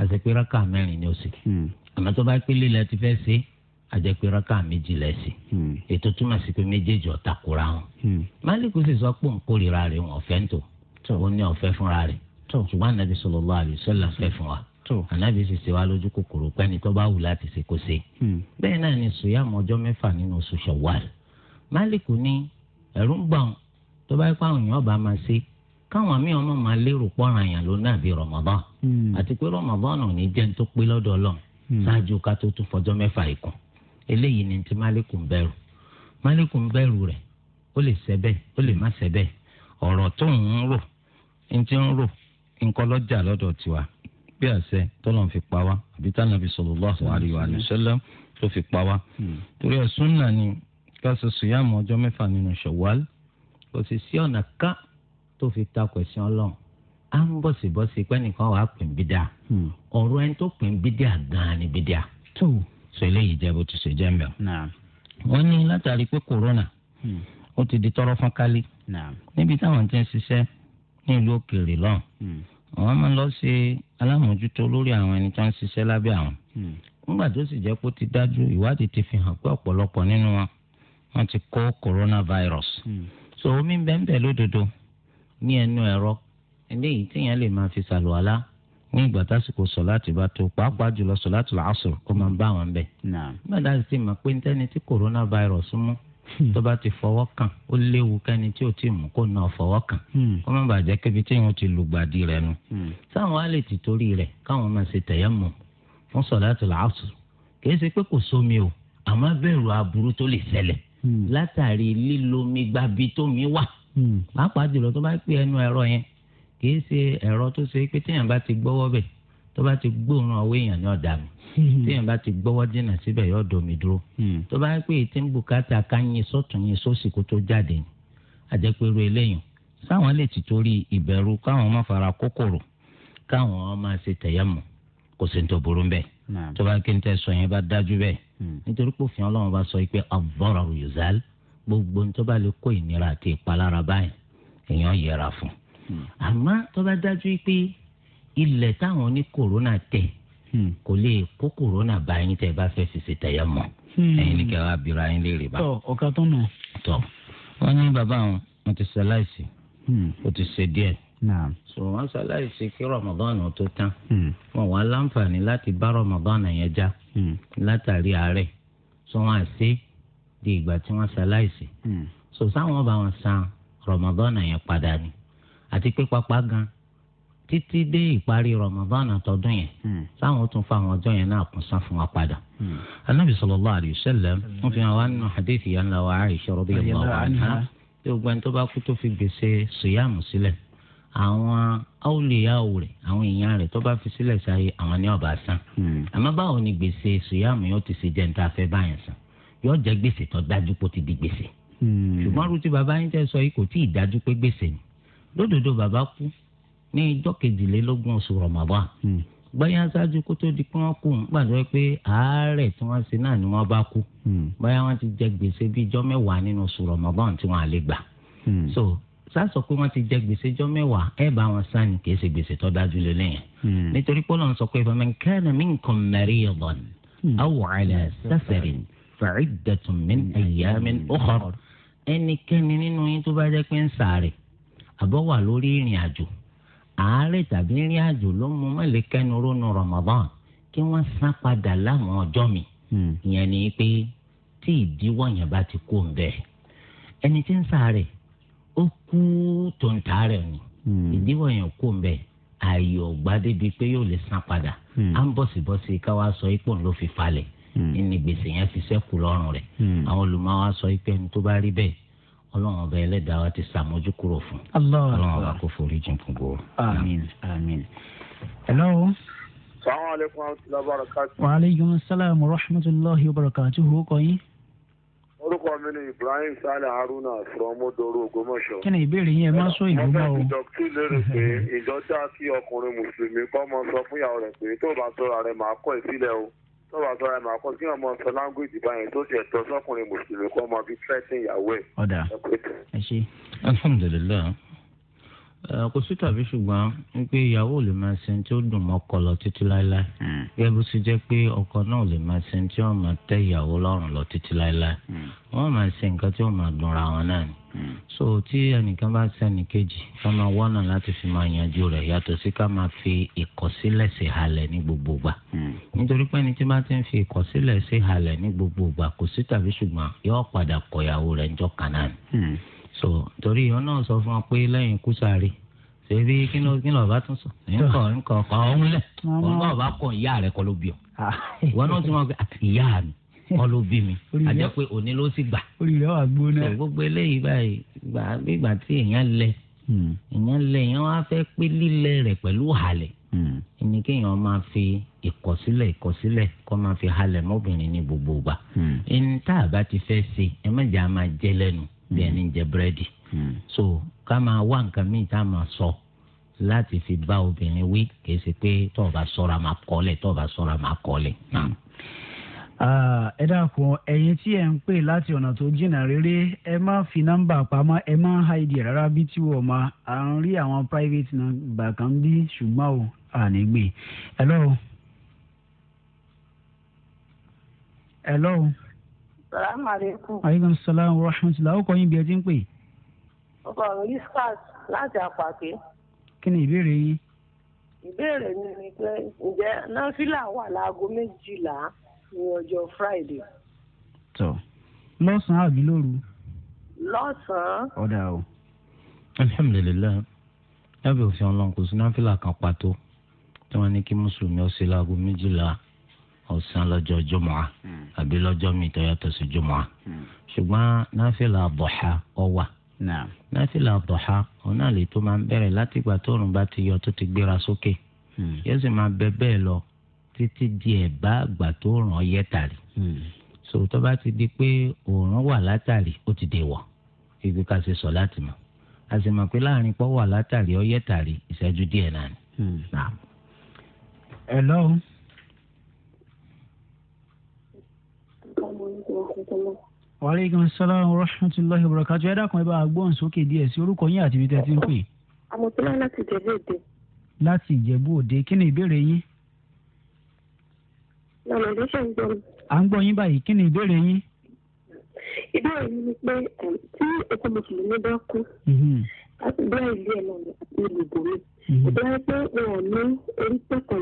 àṣepé rákà mẹ́rin ni ó sì hmm. àmọ́ tó bá pé lílẹ̀ ti fẹ́ ṣe àjẹpé rákà méjì lẹ́sìn hmm. ètò túmọ̀ sí pé méjèèjì ọ̀tà kura wọn Málíkù sì sọ pé òun kórìíra rẹ̀ òun ọ̀fẹ́ ń tò òun ní ọ̀fẹ́ fúnra rẹ̀ ṣùgbọ́n ànábì sallallahu alaihi wasallam fẹ́ fún wa ànábì sì ṣe wá lójú kòkòrò pẹ́ni tó bá wù láti ṣe kó ṣe. Hmm. bẹ́ẹ̀ náà ni sùyàmù ọjọ́ mẹ́fà nínú oṣù ṣọ̀wáàlì máàlìkù ní ẹ̀rú ń gbọ̀n tó bá pa àwọn èèyàn bá máa ṣe káwọn míì ọmọ máa lérò pọ́nra yàn ló náà bí Ramadan hmm. àti pé Ramadan náà ní jẹun tó pé lọ́dọ̀ Ọlọ́run hmm. ṣáájú ká tó tún fọjọ́ mẹ́fà ìkùn eléyìí ni ti máàlìkù ń bẹ̀rù máàlìkù ń bẹ̀rù rẹ̀ ó lè ṣẹ bẹ́ẹ̀ ó lè má ṣẹ ọ̀rọ̀ tó ń rò ń ti ń rò ńkọ́ lọ́jà lọ́dọ̀ tiwa bí àṣẹ tọ́lọ̀ fi pa wá àbí tánà bí sallallahu alaihi wa sallam tó fi pa wá. Hmm. torí ẹ̀ súnà ni ká ṣe sùyàmù ọjọ́ mẹ́fà nínú ṣọ̀wálì kò sì sí ọ̀nà ká tó fi ta kwẹ̀sìn ọlọ́run à ń bọ̀sibọ́sí pé nìkan wàá pè ń bídà hmm. ọ̀rọ̀ ẹni tó pè ń bídà gan-an ni bídà. tó sọ eléyìí jẹ́ bó ti ṣe jẹ́ mbẹ́. wọ́n ní látàrí pé kòrónà hmm. ó ti di tọ́rọ́ fọ́nkálí níbi táwọn ti ń ṣiṣẹ́ ní ìlú òkèèrè lọ́hùn àwọn máa ń lọ ṣe alámòjútó lórí àwọn ẹni tó ń ṣiṣẹ́ lábẹ́ àwọn. Hmm. nígbà tó sì pé ti dájú ìwádìí ti fi hàn pé ọpọlọpọ nínú wọn wọ́n ti kó coronavirus. Hmm. so omi ń lododo bẹ́ẹ̀ lódodo ní ẹnu ẹ̀rọ eléyìí téèyàn lè máa fi ṣàlùwàlá ní ìgbà tásìkò sọláàtì bá tó pàápàá jùlọ sọláàtì làásùrù kó máa bá wọn bẹ̀. nígbà tá a sì pé ní Hmm. tó bá ti fọwọ́ kàn ó léwu kẹ́ni tí ò tí mú kó náà fọwọ́ kàn hmm. kó má bàjẹ́ kébi tí èèyàn ti lùgbàdì rẹ̀ nu sáwọn hmm. á lè ti torí rẹ̀ káwọn máa ṣe tayammum fún salatul asr kì í ṣe pé kò sómi o àmọ́ bẹ̀rù aburú tó lè ṣẹlẹ̀ látàrí lílomi gbàbí tómi wà pàápàá jùlọ tó bá pè ẹnu ẹ̀rọ yẹn kì í ṣe ẹ̀rọ tó ṣe pé téèyàn bá ti gbọ́wọ́ bẹ̀ tó bá ti gbóòórùn ọwọ́ èèyàn ní ọ̀dà mi Hmm. téèyàn bá ti gbọ́wọ́ dínà síbẹ̀ yóò domi dúró hmm. tó bá yẹ pé ètí ń bùkátà ká yin sọ́tún yin sósì kó tó jáde ni àjẹpẹ́rù eléyìí sáwọn lè ti torí ìbẹ̀rù káwọn má fara kòkòrò káwọn máa ṣe tẹ̀yẹ̀mù kò sí ní tó burú bẹ́ẹ̀ tó bá kí n tẹ́ sọ yẹn bá dájú bẹ́ẹ̀ hmm. nítorí pé òfin ọlọ́run bá sọ pé avọ́ra yòzal gbogbo ní tó bá lè kó ìnira àti ìpalára báyìí Hmm. kò lè kó kòrónà bá yín tẹ́ bá fẹ́ ṣèṣe tẹ̀yẹ mọ́ hmm. ẹ̀yin ní kẹ́ wá bira yín léèrè bá. tọ ọ̀ka tó nù. tọ wọn ní bàbá wọn wọn ti ṣaláìsí hmm. ó ti ṣe díẹ̀. sọ wọn ṣaláìsí kí rọmọdán tó tán wọn wà láǹfààní láti bá Ramadan yẹn já látàrí àárẹ̀ sọ wọn àṣẹ di ìgbà tí wọn ṣaláìsí. sọ sáwọn bá wọn san rọmọdán yẹn padà ni àti pé pápá gan-an títí dé ìparí Ramadan àtọdún yẹn sáwọn hmm. tún fa àwọn ọjọ́ yẹn náà kún san fún wa padà. anabi hmm. sallallahu alayhi wa sallam wọn fi hàn wá nínú hadith ìyá ńlá wa Aisha radiyallahu anha tí gbogbo ẹni tó bá kú tó fi gbèsè sùyàmù sílẹ̀ àwọn awolèyàwó rẹ àwọn èèyàn rẹ tó bá fi sílẹ̀ sáyé àwọn ní ọba san hmm. àmọ́ báwo ni gbèsè sùyàmù yóò ti ṣe jẹ níta fẹ báyẹn san yóò jẹ gbèsè tó dájú pé ó ti di gbèsè ṣùgbọ́n rúti bàbá yín tẹ́ sọ yìí kò tí ì dájú pé gbèsè ni lódodo bàbá kú ní ìjọ kejìlélógún oṣù Ramadan hmm. báyà ṣáájú kó tó di pé wọ́n kú gbàdúrà pé àárẹ̀ tí wọ́n ṣe náà ni wọ́n bá kú hmm. báyà wọ́n ti jẹ gbèsè bíi ijọ́ mẹ́wàá nínú oṣù Ramadan tí wọ́n á gbà hmm. so sásọ pé wọ́n ti jẹ gbèsè ijọ́ mẹ́wàá ẹ bá wọn sani kì í ṣe gbèsè tó dájú lélẹyìn nítorí pé Ọlọ́run sọ pé faman kana minkum maridan aw ala safarin fa'iddatun min ayyamin ukhar ẹnikẹ́ni nínú yín tó bá jẹ́ pé ń ṣàárẹ̀ àbọ̀ lórí ìrìn àjò àárẹ̀ tàbí rìn àjò ló mú mọ́lẹ̀ kẹ́nu rónú Ramadan kí wọ́n san padà láwọn ọjọ́ mi hmm. ìyẹn ni pé tí ìdíwọ́ yẹn bá ti kó ń bẹ́ẹ̀ ẹni tí ń sáré ó kú tó ń ta rẹ̀ ni hmm. ìdíwọ́ yẹn kó ń bẹ́ẹ̀ ààyè ọ̀gbá débi pé yóò lè san padà hmm. à ń bọ̀sibọ̀si káwá sọ ipò ló fi falẹ̀ ní gbèsè yẹn fi sẹ́kù lọ́rùn rẹ̀ àwọn olùmọ̀ wa sọ pé ẹni tó bá rí bẹ́ẹ̀ ọlọ́run ọba ẹlẹ́dàá wa ti sàmójú kúrò fún ọlọ́run ọba kò forí jìn fún gbòó. àmín àmín. hello. salaamaleykum wa barakatuhu. wa aleykum salaam wa rahmatulahi wa barakatuhu kọ́ yín. orúkọ mi ni ibrahim sale haruna sọmọdọrọ Ògbómọ̀ṣọ́. kí ni ìbéèrè yín ẹ máa sọ ìlú bá o. mo fẹ́ lérò pé ìjọ dá kí ọkùnrin mùsùlùmí kọ́ mọ sọ fún ìyàwó rẹ̀ pé tó o bá sọ tọ́wọ́ sọ́ra ẹ̀ máa kọ́ kí ọmọ sọ láńgójì báyìí tó ti ẹ̀tọ́ sọ́kùnrin mùsùlùmí kọ́ ọmọ bíi tẹ́sán ìyàwó ẹ̀. ọ̀dà ẹ ṣe. alhamdulilayi. kò sí tàbí ṣùgbọ́n wípé ìyàwó lè máa ṣe tí ó dùn mọ́kọ lọ títí láéláé hmm. gẹ́gẹ́ bó ṣe jẹ́ pé ọkọ náà lè máa ṣe tí ó máa ìyàwó lọ́rùn lọ títí láéláé hmm. wọ́n máa ṣe nǹkan tí ó máa wọn náà ni. Hmm. so tí ẹnìkan bá ṣe ẹnìkejì ká máa wọ́nà láti fi máa yanjú rẹ̀ yàtọ̀ sí ká máa fi ìkọ̀sílẹ̀ sí halẹ̀ ní gbogbo gbà. nítorí pé ẹni tí fi sí halẹ̀ ní so torí ọ náà sọ fún ọ pé lẹ́yìn ikú sáré ṣebí kí ló kí ló bá tún sọ nǹkan nǹkan kan ọ̀hún lẹ̀ òun náà bá kọ ìyá rẹ̀ kọ́ ló bí ọ ah. ìwọ náà tún mọ̀ pé ah, ìyá mi kọ́ ló bí mi àjẹ́ pé òní ló sì gbà gbogbo eléyìí báyìí gbà gbígbà tí èèyàn lẹ hmm. èèyàn lẹ èèyàn wá fẹ́ pé lílẹ rẹ̀ pẹ̀lú halẹ̀ hmm. ẹni kéèyàn máa fi ìkọsílẹ̀ ìkọsílẹ̀ kọ́ máa fi halẹ̀ mọ́bìnrin ní gbogbo gbà hmm. ẹni tá a bá ti fẹ́ ṣe ẹ má jẹ́ a máa jẹ́ bí ẹni jẹ búrẹ́dì hmm. so ká máa wá nǹkan míì tá a máa sọ láti fi bá obìnrin wí kì í ṣe pé tó o bá sọra máa kọ́lẹ̀ tó o bá sọra máa kọ́lẹ̀. Hmm. ẹ dákun ẹ̀yin tí ẹ ń pè láti ọ̀nà tó jìnnà réré ẹ má fi nọ́mbà pamọ́ ẹ má háìdì rárá bí tí wọ́n ma à ń rí àwọn private nọ́mbà kan bí ṣùgbọ́n ò ànígbè. hello. hello salaamaleykum. aleykum salaam wa rahmatulah ó kọ yín bí ẹ ti ń pè. ọkọ mi yusuf láti àpàkẹ́. kí ni ìbéèrè yín. ìbéèrè mi ni pé ǹjẹ́ náfìlà wà láago méjìlá ní ọjọ́ friday. tó lọ́sàn-án àbí lóru. lọ́sàn-án. ọ̀dà o. alhamdulilayi lábẹ́ òfin ọlọ́run kò sí náfìlà kan pàtó tí wọ́n ní kí mùsùlùmí ó ṣe láago méjìlá ọ̀sán lọ́jọ́ jùmọ̀á hmm. àbí lọ́jọ́ míì tó yàtọ̀ sí jùmọ̀á hmm. ṣùgbọ́n náfìlà àbọ̀há ọ wà náfìlà àbọ̀há òun náà lè tó máa ń bẹ̀rẹ̀ látìgbà tóòrùn bá ti yọ tó ti gbéra sókè hmm. yóò sì máa bẹ bẹ́ẹ̀ lọ títí di ẹ̀bá àgbà tóòrùn ọyẹ́ tàrí sòtọ́ bá ti di pé òòrùn wà látàrí ó ti dè wọ̀ ibi ká ṣe sọ láti mọ̀ a sì mọ̀ pé láàrin pọ́ wà látàrí ọyẹ́ tàrí ìṣẹ́jú díẹ̀ náà ni. Hello. rahmatulah. wa aleykum salaam wa rahmatullahi ẹ dákun ẹ bá agbóhùn sókè díẹ̀ sí orúkọ yín àti ibi tẹ́ ti ń pè. àmọ̀tọ́lá láti ìjẹ̀bú òde. láti ìjẹ̀bú òde kí ni ìbéèrè yín. lọ́nà ṣe ń gbọ́ mi. à ń gbọ́ yín báyìí kí ni ìbéèrè yín. ìbéèrè mi ni pé tí ètò mùsùlùmí bá kú láti mhm. bá ìlú ẹ̀ lọ́nà àti olùbomi ìdájọ́ pé wọn ò ní orí pẹ̀kọ̀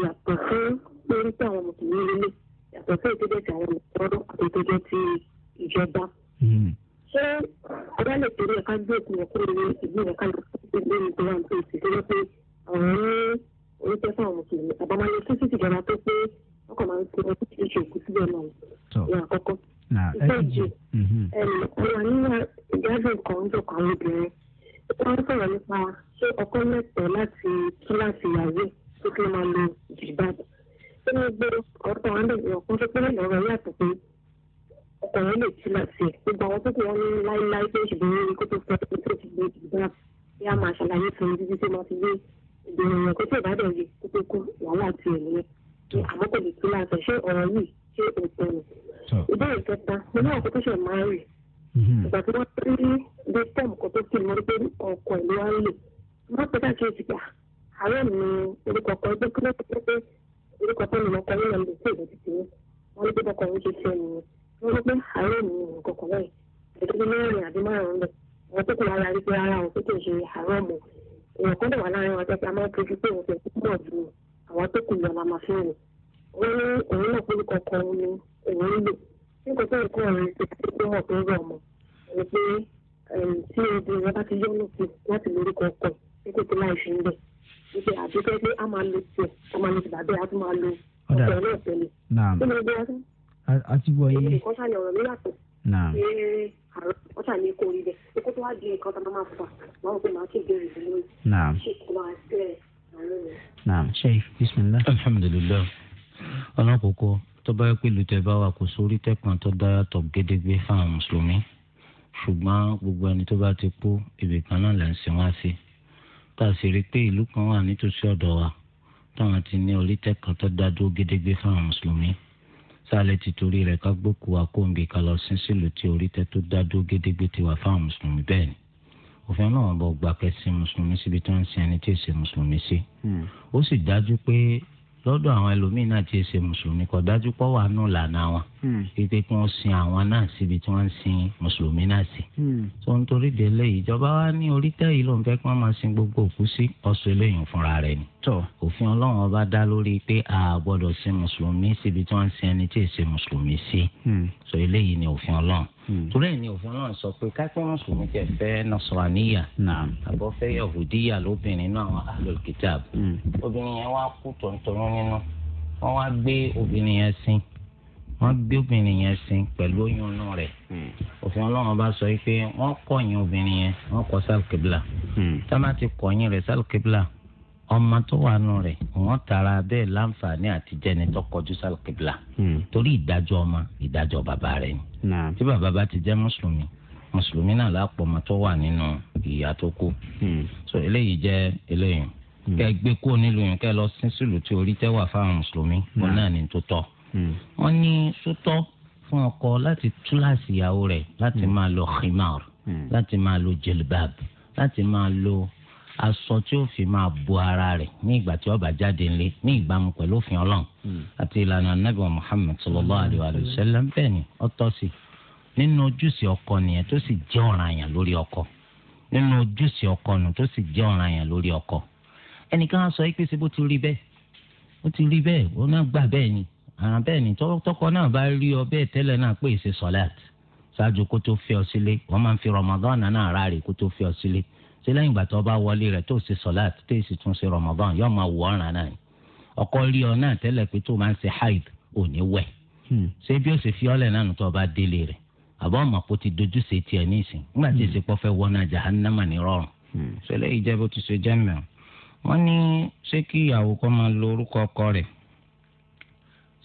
ìjọba. Hmm. ṣé ọba lè torí ẹ̀ka gbé òkú yẹn kúrò ní ìlú ẹ̀ka ìgbé ní ìjọba ní oṣù tó yẹ pé àwọn ní oríṣẹ́ fún àwọn mùsùlùmí àbámáyé tó sì tìjọba tó pé wọ́n kàn máa ń ṣe ọtí tí ìṣe òkú síbẹ̀ náà ní àkọ́kọ́. ìkejì ọ̀rọ̀ nígbà ìjáde kan ń dọ̀kọ̀ àwọn obìnrin wọ́n sọ̀rọ̀ nípa ṣé ọkọ mẹ́tọ̀ọ́ láti kíláàsì ìyàwó tó kí wọ́n máa lo sí títí tó máa fi gbé ìgbìyànjú kó tó ìbàdàn yìí kó tó kú wàhálà ti ẹ̀ nìyẹn àmọ́ kò lè tún láàtọ̀ ṣé ọ̀rọ̀ yìí ṣé òótọ́ ni. ìbéèrè kẹta mo ní àkókò ṣe máa rì mhm. ìgbà tí wọ́n rí ọkọ wípé tí láì fi ń bẹ̀ wípé àdúgbò pé a máa lo tiẹ̀ a máa lo tìbàbẹ́ a tún máa lo ọkọ̀ náà tẹ̀lé. a ti gbọ́ yé. èyí kan ṣàlẹ̀ ọ̀rọ̀ mi yàtọ̀. ṣé àrùn ọ̀tà ní kò rí bẹ́ẹ̀ pé kó tó wá di nǹkan tó máa fà máa wọ pé máa kéde rẹ̀ lórí. ṣé kò máa ṣe naam sheikh bisimilah. alhamdulilayi ọlọ́kọ̀ọ́kọ́ tó bá yẹ pé lùtẹ̀ bá wà kò sórí tẹ̀kàn tó dára tó gédégbé fáwọn mùsùlùmí ṣùgbọ́n gbogbo ẹni tó bá ti kú ibì kan náà là ń sin wá sí tá a sì rí i pé ìlú kan wà nítòsí ọ̀dọ̀ wa táwọn ti ní orítẹ́ kan tó dá dúró gédégbé fáwọn mùsùlùmí sálẹ̀ ti torí rẹ̀ ká gbókù wa kó nbí ká lọ sí sílùú tí orítẹ́ tó dá dúró gédégbé ti wà fáwọn mùsùlùmí bẹ́ẹ̀ ni òfin náà bọ̀ gbà kẹ́sìn mùsùlùmí síbi tó ń sin ẹni tí ì lọ́dọ̀ àwọn ẹlòmíì náà ti ṣe mùsùlùmí kò dájú pọ̀ wà nù lànà wọn pípé hmm. kí wọ́n sin àwọn náà síbi tí wọ́n ń sin mùsùlùmí náà sí. tó ń torí délé ìjọba wa ní orí tẹ́yìí ló ń fẹ́ kí wọ́n máa sin gbogbo òkú sí ọ̀sọ̀ eléyìí fúnra rẹ̀ ni lọ́tọ̀ òfin ọlọ́run ọba dá lórí pé a gbọ́dọ̀ ṣe mùsùlùmí síbi tí wọ́n ń ṣe ẹni tí ì ṣe mùsùlùmí sí hmm. so eléyìí ni òfin ọlọ́run hmm. torí ẹ̀ ni òfin ọlọ́run sọ pé kápẹ́ mùsùlùmí tẹ̀ fẹ́ nasraniya àbọ̀ fẹ́ yahudiya lóbìnrin náà àwọn ahlul kitab hmm. obìnrin yẹn wá kú tọ̀ntọ̀rọ̀ nínú wọ́n wá gbé obìnrin yẹn sin wọ́n gbé obìnrin yẹn sin pẹ̀lú oyún inú rẹ̀ òfin ọlọ́run bá sọ pé wọ́n kọ̀yìn obìnrin yẹn wọ́n kọ sálùkìbìlà tá a má ti kọ̀yìn rẹ̀ sálùkìbìlà ọmọ tó wà nù rẹ̀ wọ́n tara bẹ́ẹ̀ láǹfààní àti jẹni tó kọjú sálùkìbìlà hmm. torí ìdájọ́ ọmọ ìdájọ́ bàbá rẹ̀ ni tí bàbá bá ti jẹ́ mùsùlùmí mùsùlùmí náà lápò ọmọ tó wà nínú ìyá tó kù hmm. so eléyìí jẹ́ eléyìí hmm. kẹ gbé kó nílùú yìí kẹ lọ sí sílùú tí orí tẹ́wà fáwọn mùsùlùmí òun náà ní tó tọ́ wọ́n ní sótọ́ fún ọkọ láti túláàsì ìyàwó rẹ̀ láti máa lo khimar láti máa lo jelibab láti máa lo aṣọ tí ó fi máa bo ara rẹ̀ ní ìgbà tí ó bá jáde ńlẹ̀ ní ìbámu pẹ̀lú òfin Ọlọ́run àti ìlànà Ànábì wa Muhammad sallallahu alayhi wa sallam bẹ́ẹ̀ ni ó tọ́ sí nínú ojúṣe ọkọ nìyẹn tó sì jẹ́ ọ̀ranyàn lórí ọkọ nínú ojúṣe ọkọ nù tó sì jẹ́ ọ̀ranyàn lórí ọkọ ẹnìkan á sọ pé ṣe bó ti rí bẹ́ẹ̀ ó ti rí bẹ́ẹ̀ ó náà gbà bẹ́ẹ̀ ni àwọn bẹ́ẹ̀ ni tọkọ náà bá rí ọ bẹ́ẹ̀ tẹ́lẹ̀ náà pé ìṣe sọ̀láàtì ṣáájú kó tó fi ọ sílé wọ́n máa ń fi Ramadan náà rárẹ̀ kó tó fi ọ sílé ṣé lẹ́yìn ìgbà tó bá wọlé rẹ̀ tó ṣe sọ̀láàt tó sì tún ṣe rọmọbọ́n yóò máa wọ ọ̀ràn náà ni ọkọ rí ọ náà tẹ́lẹ̀ pé tó máa ń ṣe haid ò ní wẹ̀ hmm. ṣé bí ó ṣe fi ọ́lẹ̀ náà tó bá délé rẹ̀ àbọ̀ ọmọ kò ti dojú ṣe tiẹ̀ ní ìsìn nígbà tí èsì hmm. pọ́fẹ́ wọnà jahannama ní rọrùn hmm. ṣẹlẹ̀ ìjẹ́ bó ti ṣe jẹ́ mẹ́rin wọ́n ní ṣé kí ìyàwó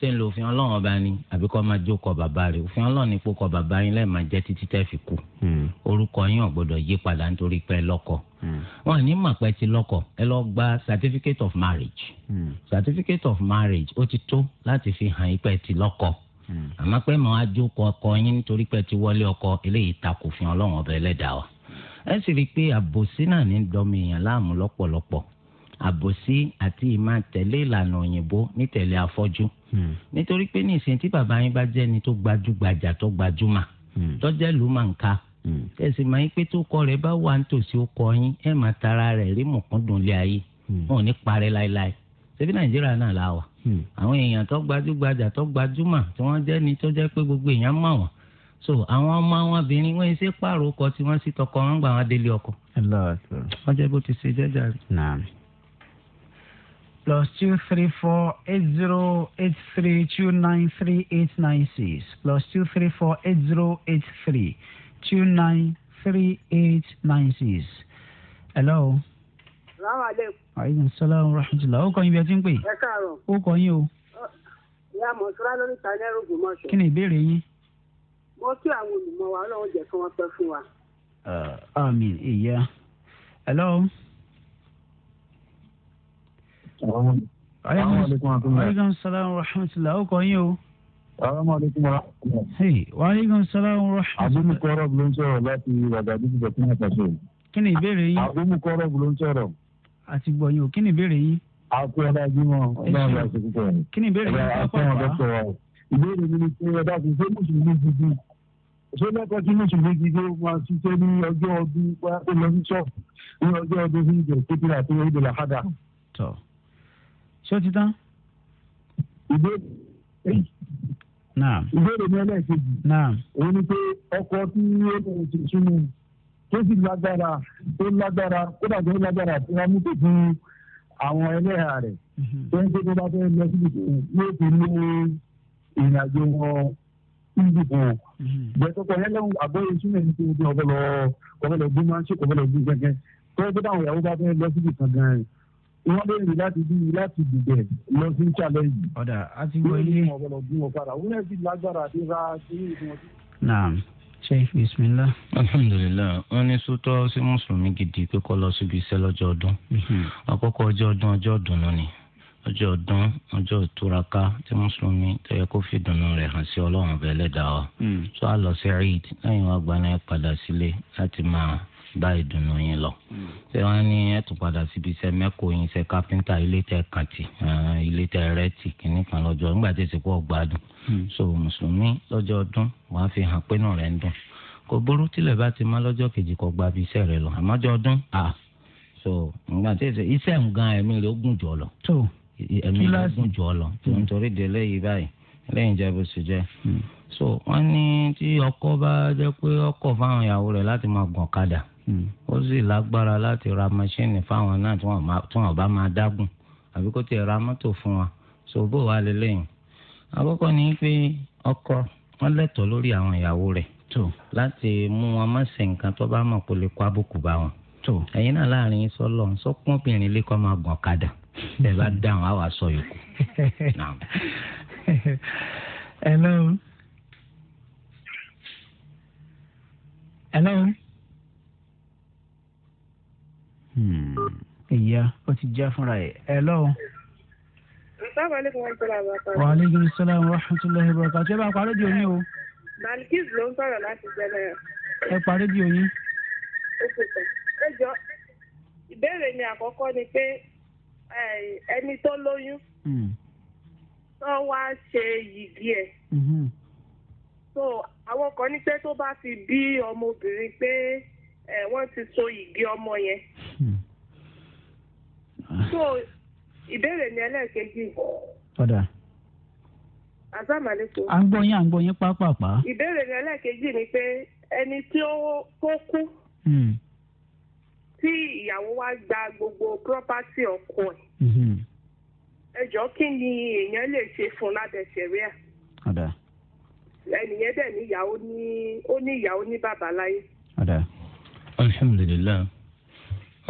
ṣé ń lo òfin ọlọ́run ọba ni àbí kọ́ máa jókòó bàbá rẹ̀ òfin ọlọ́run ni kókọ́ bàbá yín lẹ́ẹ̀ máa jẹ́ títí tẹ́ fi kú hmm. orúkọ yín ò yí padà nítorí pé lọ́kọ hmm. wọn ní màpẹ́ ti lọ́kọ ẹ lọ gba certificate of marriage hmm. certificate of marriage ó ti tó láti fi hàn yín pé ti lọ́kọ àmọ́ pé màá jókòó ọkọ yín nítorí pé ti wọlé ọkọ eléyìí takò òfin ọlọ́run ọba ẹlẹ́dàá wa ẹ sì rí i pé àbòsí náà ní dọ́mi láàmú lọ́pọ̀lọpọ̀ àbòsí àti ìmá tẹ̀lé ìlànà òyìnbó nítẹ̀lé afọ́jú. Hmm. nítorí pé ní ìsìn tí bàbá yín bá ni tó gbajúgbajà tó gbajúmọ̀ tọ́jẹ́ ló máa ń ka tẹ̀sí máa ń pé tó kọ rẹ̀ bá wà nítòsí ó kọ yín ẹ̀ máa tara rẹ̀ rí mọ̀kúndùn lé ayé hmm. wọn ò ní parẹ́ láéláé ṣebí nàìjíríà náà la wà. Hmm. àwọn èèyàn tó gbajúgbajà tó gbajúmọ̀ tí wọ́n jẹ́ ni tó jẹ́ pé gbogbo èèyàn mọ̀ wọ́n so àwọn ọmọ àwọn obìnrin wọ́n ṣe pààrọ̀ ọkọ tí wọ́n sì tọkọ wọn gbà wọn délé ọkọ. ẹ lọ́ọ́ sọ. wọ́n jẹ́ bó ti ṣe jẹ́jà rí plus two three four eight zero eight three two nine three eight nine six plus two three four eight zero eight three two nine three eight nine six. hello. salaamaleykum. aleykum salaam wa rahmatulah. ó kọ yín bí ẹ ti ń pè. ẹ káàárọ̀. ó kọ yín o. ìyá mọ̀sọ́lá lórí ìtàlẹ́ rògbò mọ́ṣọ́. kí ni ìbéèrè yín. mo kí àwọn olùmọ̀ wa ọlọ́run jẹ́ kí wọ́n pẹ́ fún wa. àmín ìyá. hello aleykum salaam wa rahmatulah ó kọ yín o. aleykum salaam. wa aleykum salaam wa rahmatulah. àbúrò kọ́rọ̀ ló ń sọ̀rọ̀ láti wàdàdí ti bẹ̀rẹ̀ ní àtàṣe. kí ni ìbéèrè yín. àbúrò kọ́rọ̀ ló ń sọ̀rọ̀. àti gbọ́ yín o kí ìbéèrè a kú ọ̀dà jimọ̀ ọ̀dà ọ̀dà ṣèkú kọ́ni. kí ni ìbéèrè yín kọ́kọ́ wa. ìbéèrè mi ni pé ọ̀dà kò fẹ́ mùsùlùmí gidi ṣé lẹ́kọ̀ọ́ tí mùsùlùmí gidi ó máa ṣiṣẹ́ ní ọjọ́ ọdún wá ó lọ sí ṣọ́ọ̀bù ní ọjọ́ ọdún fún ìjọ ṣé o ti tán. ìbéèrè mi ẹlẹ́ẹ̀kejì òun ni pé ọkọ tí ó bẹ̀rẹ̀ sí sínú tó sì lágbára tó lágbára tó lágbára tí wọ́n mú tó fún àwọn ẹlẹ́hà rẹ̀ mhm. tó ń gbé bá fẹ́ lọ síbi tó yóò fi mú ìrìn àjò wọn níbi kan mhm. bẹ́ẹ̀ yẹn lẹ́hìn àbọ̀ èso yẹn ti di ọ̀bọ̀lọ̀ ọ̀bọ̀lọ̀ gbé máa ń ṣe ọ̀bọ̀lọ̀ gbé gẹ́gẹ́ tó ń gbé táwọn ìyàwó bá fẹ́ lọ síbi kan gan-an wọ́n lè rí láti bí láti dìbẹ̀ lọ sí challenge. ọ̀dà a ti wọ ilé. wọ́n bọ̀dọ̀ bí wọn padà wọ́n lẹ́sìn lágbára àti ra sí ìwọ̀n. naam sheikh bismillah. alhamdulilayi wọ́n ní sótọ́ sí mùsùlùmí gidi pé kó lọ síbi iṣẹ́ lọ́jọ́ ọdún. Mhm. àkọ́kọ́ ọjọ́ ọdún ọjọ́ ìdùnnú ni ọjọ́ ọdún ọjọ́ ìtúraká tí mùsùlùmí tó kó fi dùnnú rẹ̀ hàn sí ọlọ́run ọ̀bẹ ẹlẹ́dàá wa. tó mhm. a sí eid lẹ́yìn wa gbaná padà sílé láti máa bá ìdùnnú yín lọ. Hmm. ṣé wọn ní ẹ tún padà síbi iṣẹ́ mẹkọ yín iṣẹ́ kápẹ́ńtà ilé tẹ kàǹtì ilé tẹ rẹtì kìnnì kan lọ́jọ́ nígbà tí èsì pọ gbádùn. Hmm. so mùsùlùmí lọ́jọ́ ọdún wàá fi hàn pé náà rẹ ń dùn kò burú tilẹ̀ bá ti má lọ́jọ́ kejì kọ́ gba iṣẹ́ rẹ lọ àmọ́jọ́ ọdún so nígbà tí èsì iṣẹ́ nǹkan ẹ̀mí rẹ̀ ó gùn jọ lọ. ẹ̀mí rẹ̀ ó gùn jọ lọ hmm. nítorí délé so wọ́n ní tí ọkọ bá jẹ́ pé ọkọ fáwọn ìyàwó rẹ̀ láti máa gùn ọ̀kadà Hmm. ó sì lágbára láti ra mọ́ṣíìnì fáwọn náà tí wọ́n bá máa dágùn àbí kó tiẹ̀ ra mọ́tò fún wa ṣòbó wa lélẹ́yìn. àkọ́kọ́ ni pé ọkọ wọn lẹ́tọ̀ọ́ lórí àwọn ìyàwó rẹ̀ láti mú wọn má ṣe nǹkan tó bá mọ̀ kó lè kó àbùkù bá wọn. ẹ̀yin náà láàrin yín sọ́lọ́ sọ́kúnbìnrin lè kọ́ máa gàn kadà bẹ́ẹ̀ bá dáhùn á wàá sọ yòókù. hello. hello. Hmm. ìyá ó ti já fúnra ẹ̀ ẹ lọ́wọ́. wa aleykum salaam wa rahmatulahi wa barakatuh ẹ bá parí di oyin o. Balkis ló ń sọ̀rọ̀ láti jẹ́lẹ̀. ẹ parí di oyin. ó kò tán ẹ jọ ìbéèrè mi àkọ́kọ́ ni pé ẹni tó lóyún hmm. tó wá ṣe yìgì ẹ̀ hmm. so àwọn kan ní pé tó bá fi bí ọmọbìnrin pé wọ́n ti so yìgì ọmọ yẹn so ìbéèrè ni ẹlẹ́ẹ̀kejì. ọ̀dà. asalaamualeykum. à ń gbọ́ yín à ń gbọ́ yín pápápá. ìbéèrè ni ẹlẹ́ẹ̀kejì ni pé ẹni tí ó tó kú. Hmm. tí ìyàwó wa gba gbogbo property ọkọ ẹ̀. Hmm. ẹ jọ kí ni èèyàn lè ṣe fún lábẹ́ sẹ̀ríà. ọ̀dà. ẹnìyẹn dẹ̀ ní ìyàwó ní ó ní ìyàwó ní bàbá láyé. ọ̀dà. alhamdulilayi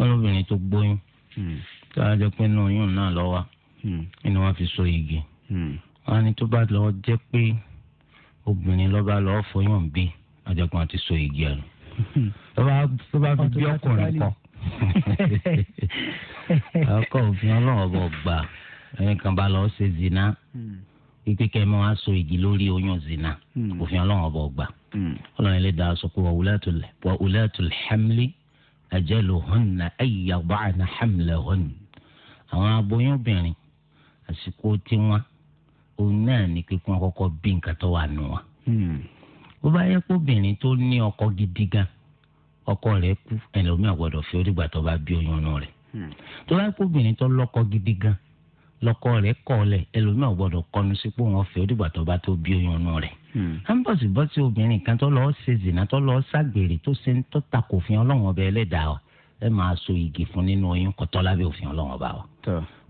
ọlọ́bìnrin tó gbóyún. Hmm tó a jẹ pé náà yóò náà lọ wa hmm. inú wa fi so igi hmm. wọn ni tó bá lọ jẹ pé obìnrin lọ́ba lọ́ọ́ fọyàn bí àjẹkùn àti so igi ẹ̀ tó bá fi bí ọkùnrin kọ ọkọ òfin ọlọ́run ọba ẹnìkan bá lọ ṣe zina hmm. ipe kẹmọ wa so igi lórí oyún zina òfin ọlọ́run ọba ọgbà ọlọ́run ilé da aṣọ kó wa wulatul hamli ajaluhunna ay yada'na hamlahunna àwọn aboyún obìnrin àsìkò tiwọn òun náà ni pé kí wọn kọ́kọ́ bí nǹkan tó wà nù wọn. Hmm. ó bá yẹ kó obìnrin tó ní ọkọ gidi gan ọkọ rẹ kú ẹlòmíà gbọ́dọ̀ fi orígbà tó bá bí oyún ọ̀nà rẹ. Hmm. tó bá yẹ kó obìnrin tó lọ́kọ gidi gan lọ́kọ rẹ kọlẹ ẹlòmíà gbọ́dọ̀ kọnu sí pé wọn fi orígbà tó bá tó bí oyún ọ̀nà rẹ. Hmm. à ń bọ̀ sí bọ́ sí obìnrin kan tó lọ́ọ́ ṣe zìnà tó lọ́ọ́ ságbèrè tó ṣe ń tó takòfin ọlọ́wọ́n ọbẹ̀ ẹlẹ́dàá ẹ máa so igi fún nínú oyún kọ́tọ́ òfin ọlọ́wọ́n ọba wa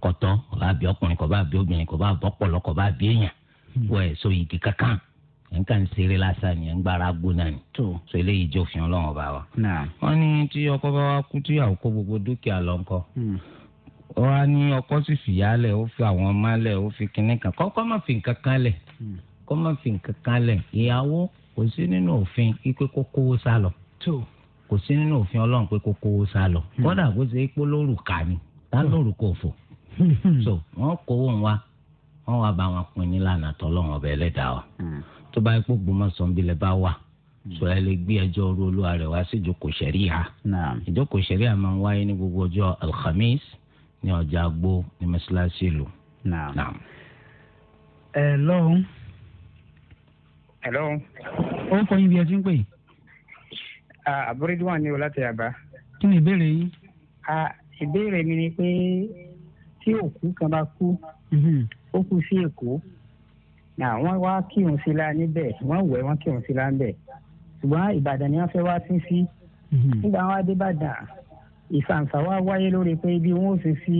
kọtọ kọba àbí ọkùnrin kọba àbí obìnrin kọba àbọpọlọ kọba àbí èèyàn hmm. wọ ẹ so igi kankan nǹkan ń ṣeré lásán ni gbára gbóná ni so eléyìí jẹ́ òfin Ọlọ́run ọba wa. wọ́n ní tí ọkọ bá wá kú tíyàwó kó gbogbo dúkìá lọ ńkọ́ hmm. ó wá ní ọkọ sì fìyálẹ̀ ó fi àwọn ọmọ lẹ̀ ó fi kinní kan kọ́kọ́ má fi nǹkan kan lẹ̀ hmm. kọ́ má fi nǹkan kan lẹ̀ ìyàwó kò sí nínú òfin pé kó kówó sá kò sí nínú òfin ọlọ́run pé kó kówó sá lọ kó ṣe é pé lóru kà tá lórúkọ òfò hmm. so wọn kó wọn wá wọn wá bá wọn pín nílànà tọlọ́run ọbẹ ẹlẹ́dàá wa hmm. tó bá ipò gbọmọsán bílẹ bá wà hmm. sọ ẹ lè gbé ẹjọ́ ru olúwa rẹ̀ wá sí ìjókòó ṣẹríà ìjókòó ṣẹríà máa ń wáyé ní gbogbo ọjọ́ alhamis ní ọjà àgbo ní mọ́ṣáláṣí ìlú. ẹ lọ́hùn. ẹ lọ́hùn. ó kọ yín bí ẹ ti ń pè. àbúrídìwọ̀n ah, ni o láti àbá. kí ni ìbéèrè yín. Ah, ìbéèrè mi ni pé tí òkú kan bá kú mm-hmm. ó kú sí èkó náà wọ́n wá kírun sílá níbẹ̀ wọ́n wẹ̀ wọ́n kírun sílá níbẹ̀ ṣùgbọ́n ìbàdàn ni wọ́n fẹ́ wá sí sí mm-hmm. nígbà wọn adébàdàn ìfàǹfà wa wáyé lórí pé ibi wọn ò sì sí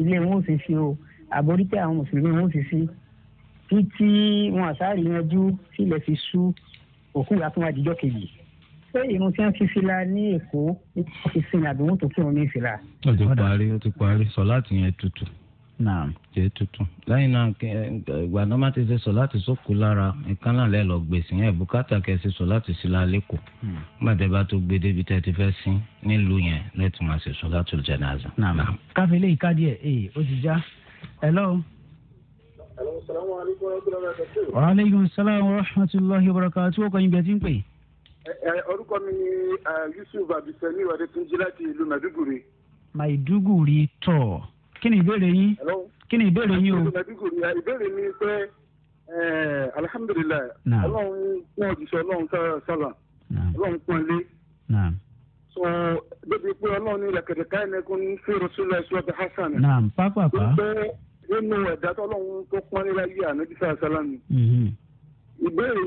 ilé wọn ò sì sí o àbórítẹ àwọn mùsùlùmí wọn ò sì sí títí wọn àṣà rí yanjú fi sú òkú ìyá tó wá dijọ́ kejì ṣé irun tí wọ́n fi fìlà ní èkó wọ́n fi sin àbí wọ́n tó kí wọ́n ní fìlà. ó ti parí ó ti parí sọ láti yẹn tutù náà jẹ tutù lẹ́yìn náà ìgbà náà má ti ṣe sọ láti sóko lára nǹkan náà lẹ́ẹ̀ lọ gbèsè yẹn bùkátà kẹsì sọ láti sí lálẹ́ kù gbàdé bá tó gbé débi tẹ́ ti fẹ́ sin nílùú yẹn lẹ́tù máa ṣe sọ láti lè jẹ́nà àzà. káfí ilé ìka díẹ̀ ee ó ti já hello. wa aleykum salaam wa rahmatulahi wa barakatuh tí ó kọ́ yín ẹ ti ń orúkọ mi ni eh, yusuf abisani wàdé tí jí láti ìlú maiduguri. maiduguri tọ kí ni ìbéèrè yín kí ni ìbéèrè yín o. maiduguri ah, ìbéèrè mi pé eh, alihamudulilayi ọlọ́run kún òjíṣẹ́ ọlọ́run sábà ọlọ́run so bébí pé ọlọ́run ní ìlàkẹ̀dẹ̀ káyọ̀ nẹ́kún ní fèrè hasan. nínú tó ànájú ìbéèrè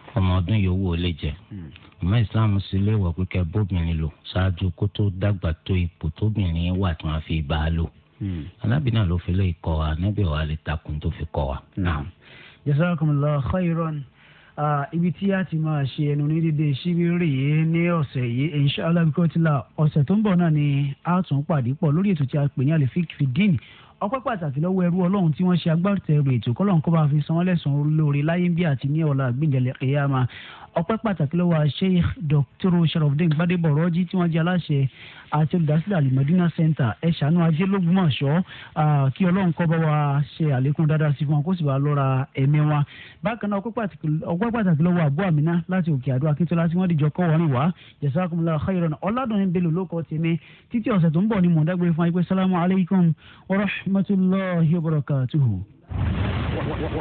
ọmọ ọdún yòówù ó lè jẹ ọmọ ìsìláàmù sí ilé ìwọ pípẹ bóbìnrin lò ṣáájú kó tó dàgbà tó ipò tóbìnrin wà tí wọn fi bá a lò anábì hmm. náà ló fi lè kọ́ wa anábì wa lè takùn tó fi kọ́ wa. Hmm. jazakumullahu khairan ibi tí a ti máa ṣe ẹnu ní dídé síbi rèé ní ọ̀sẹ̀ yìí inshallah bíkọ́ ọ̀sẹ̀ tó ń bọ̀ náà ni a tún pàdé pọ̀ lórí ètò tí a pè ní àlè fídíìnì ọpẹ́ pàtàkì lọ́wọ́ ẹrú ọlọ́run tí wọ́n ṣe agbátẹrù ètò kọ́lọ́n kó bá fi san wọ́n lẹ́san olóore láyé bí àti ní ọ̀la àgbéǹjẹ̀lẹ̀ kẹyàmá ọpẹ́ pàtàkì lọ́wọ́ sheikh dr sharafdin gbadebo rọ́jí tí wọ́n jẹ́ aláṣẹ àti olùdásílẹ̀ alimọ̀dínà center ẹ̀ ṣàánú ajé lógúnmọ̀ṣọ́ kí ọlọ́run kó bá wa ṣe àlékún dáadáa sí wọn kó sì bá lọ́ra ẹ̀mí wọn. bákan náà ọpẹ́ pàtàkì lọ́wọ́ àbú àmínà láti òkè àdó akíntola tí wọ́n dìjọ kọ́ wọ́n wá jazakumullahu khairan ọ̀làdùnrin bello ló kọ́ tèmi títí ọ̀sẹ̀ tó ń bọ̀ ni mò ń dágbére fún wa yìí pé sálámù alaykum wa rahmatulahi wa barakatuhu.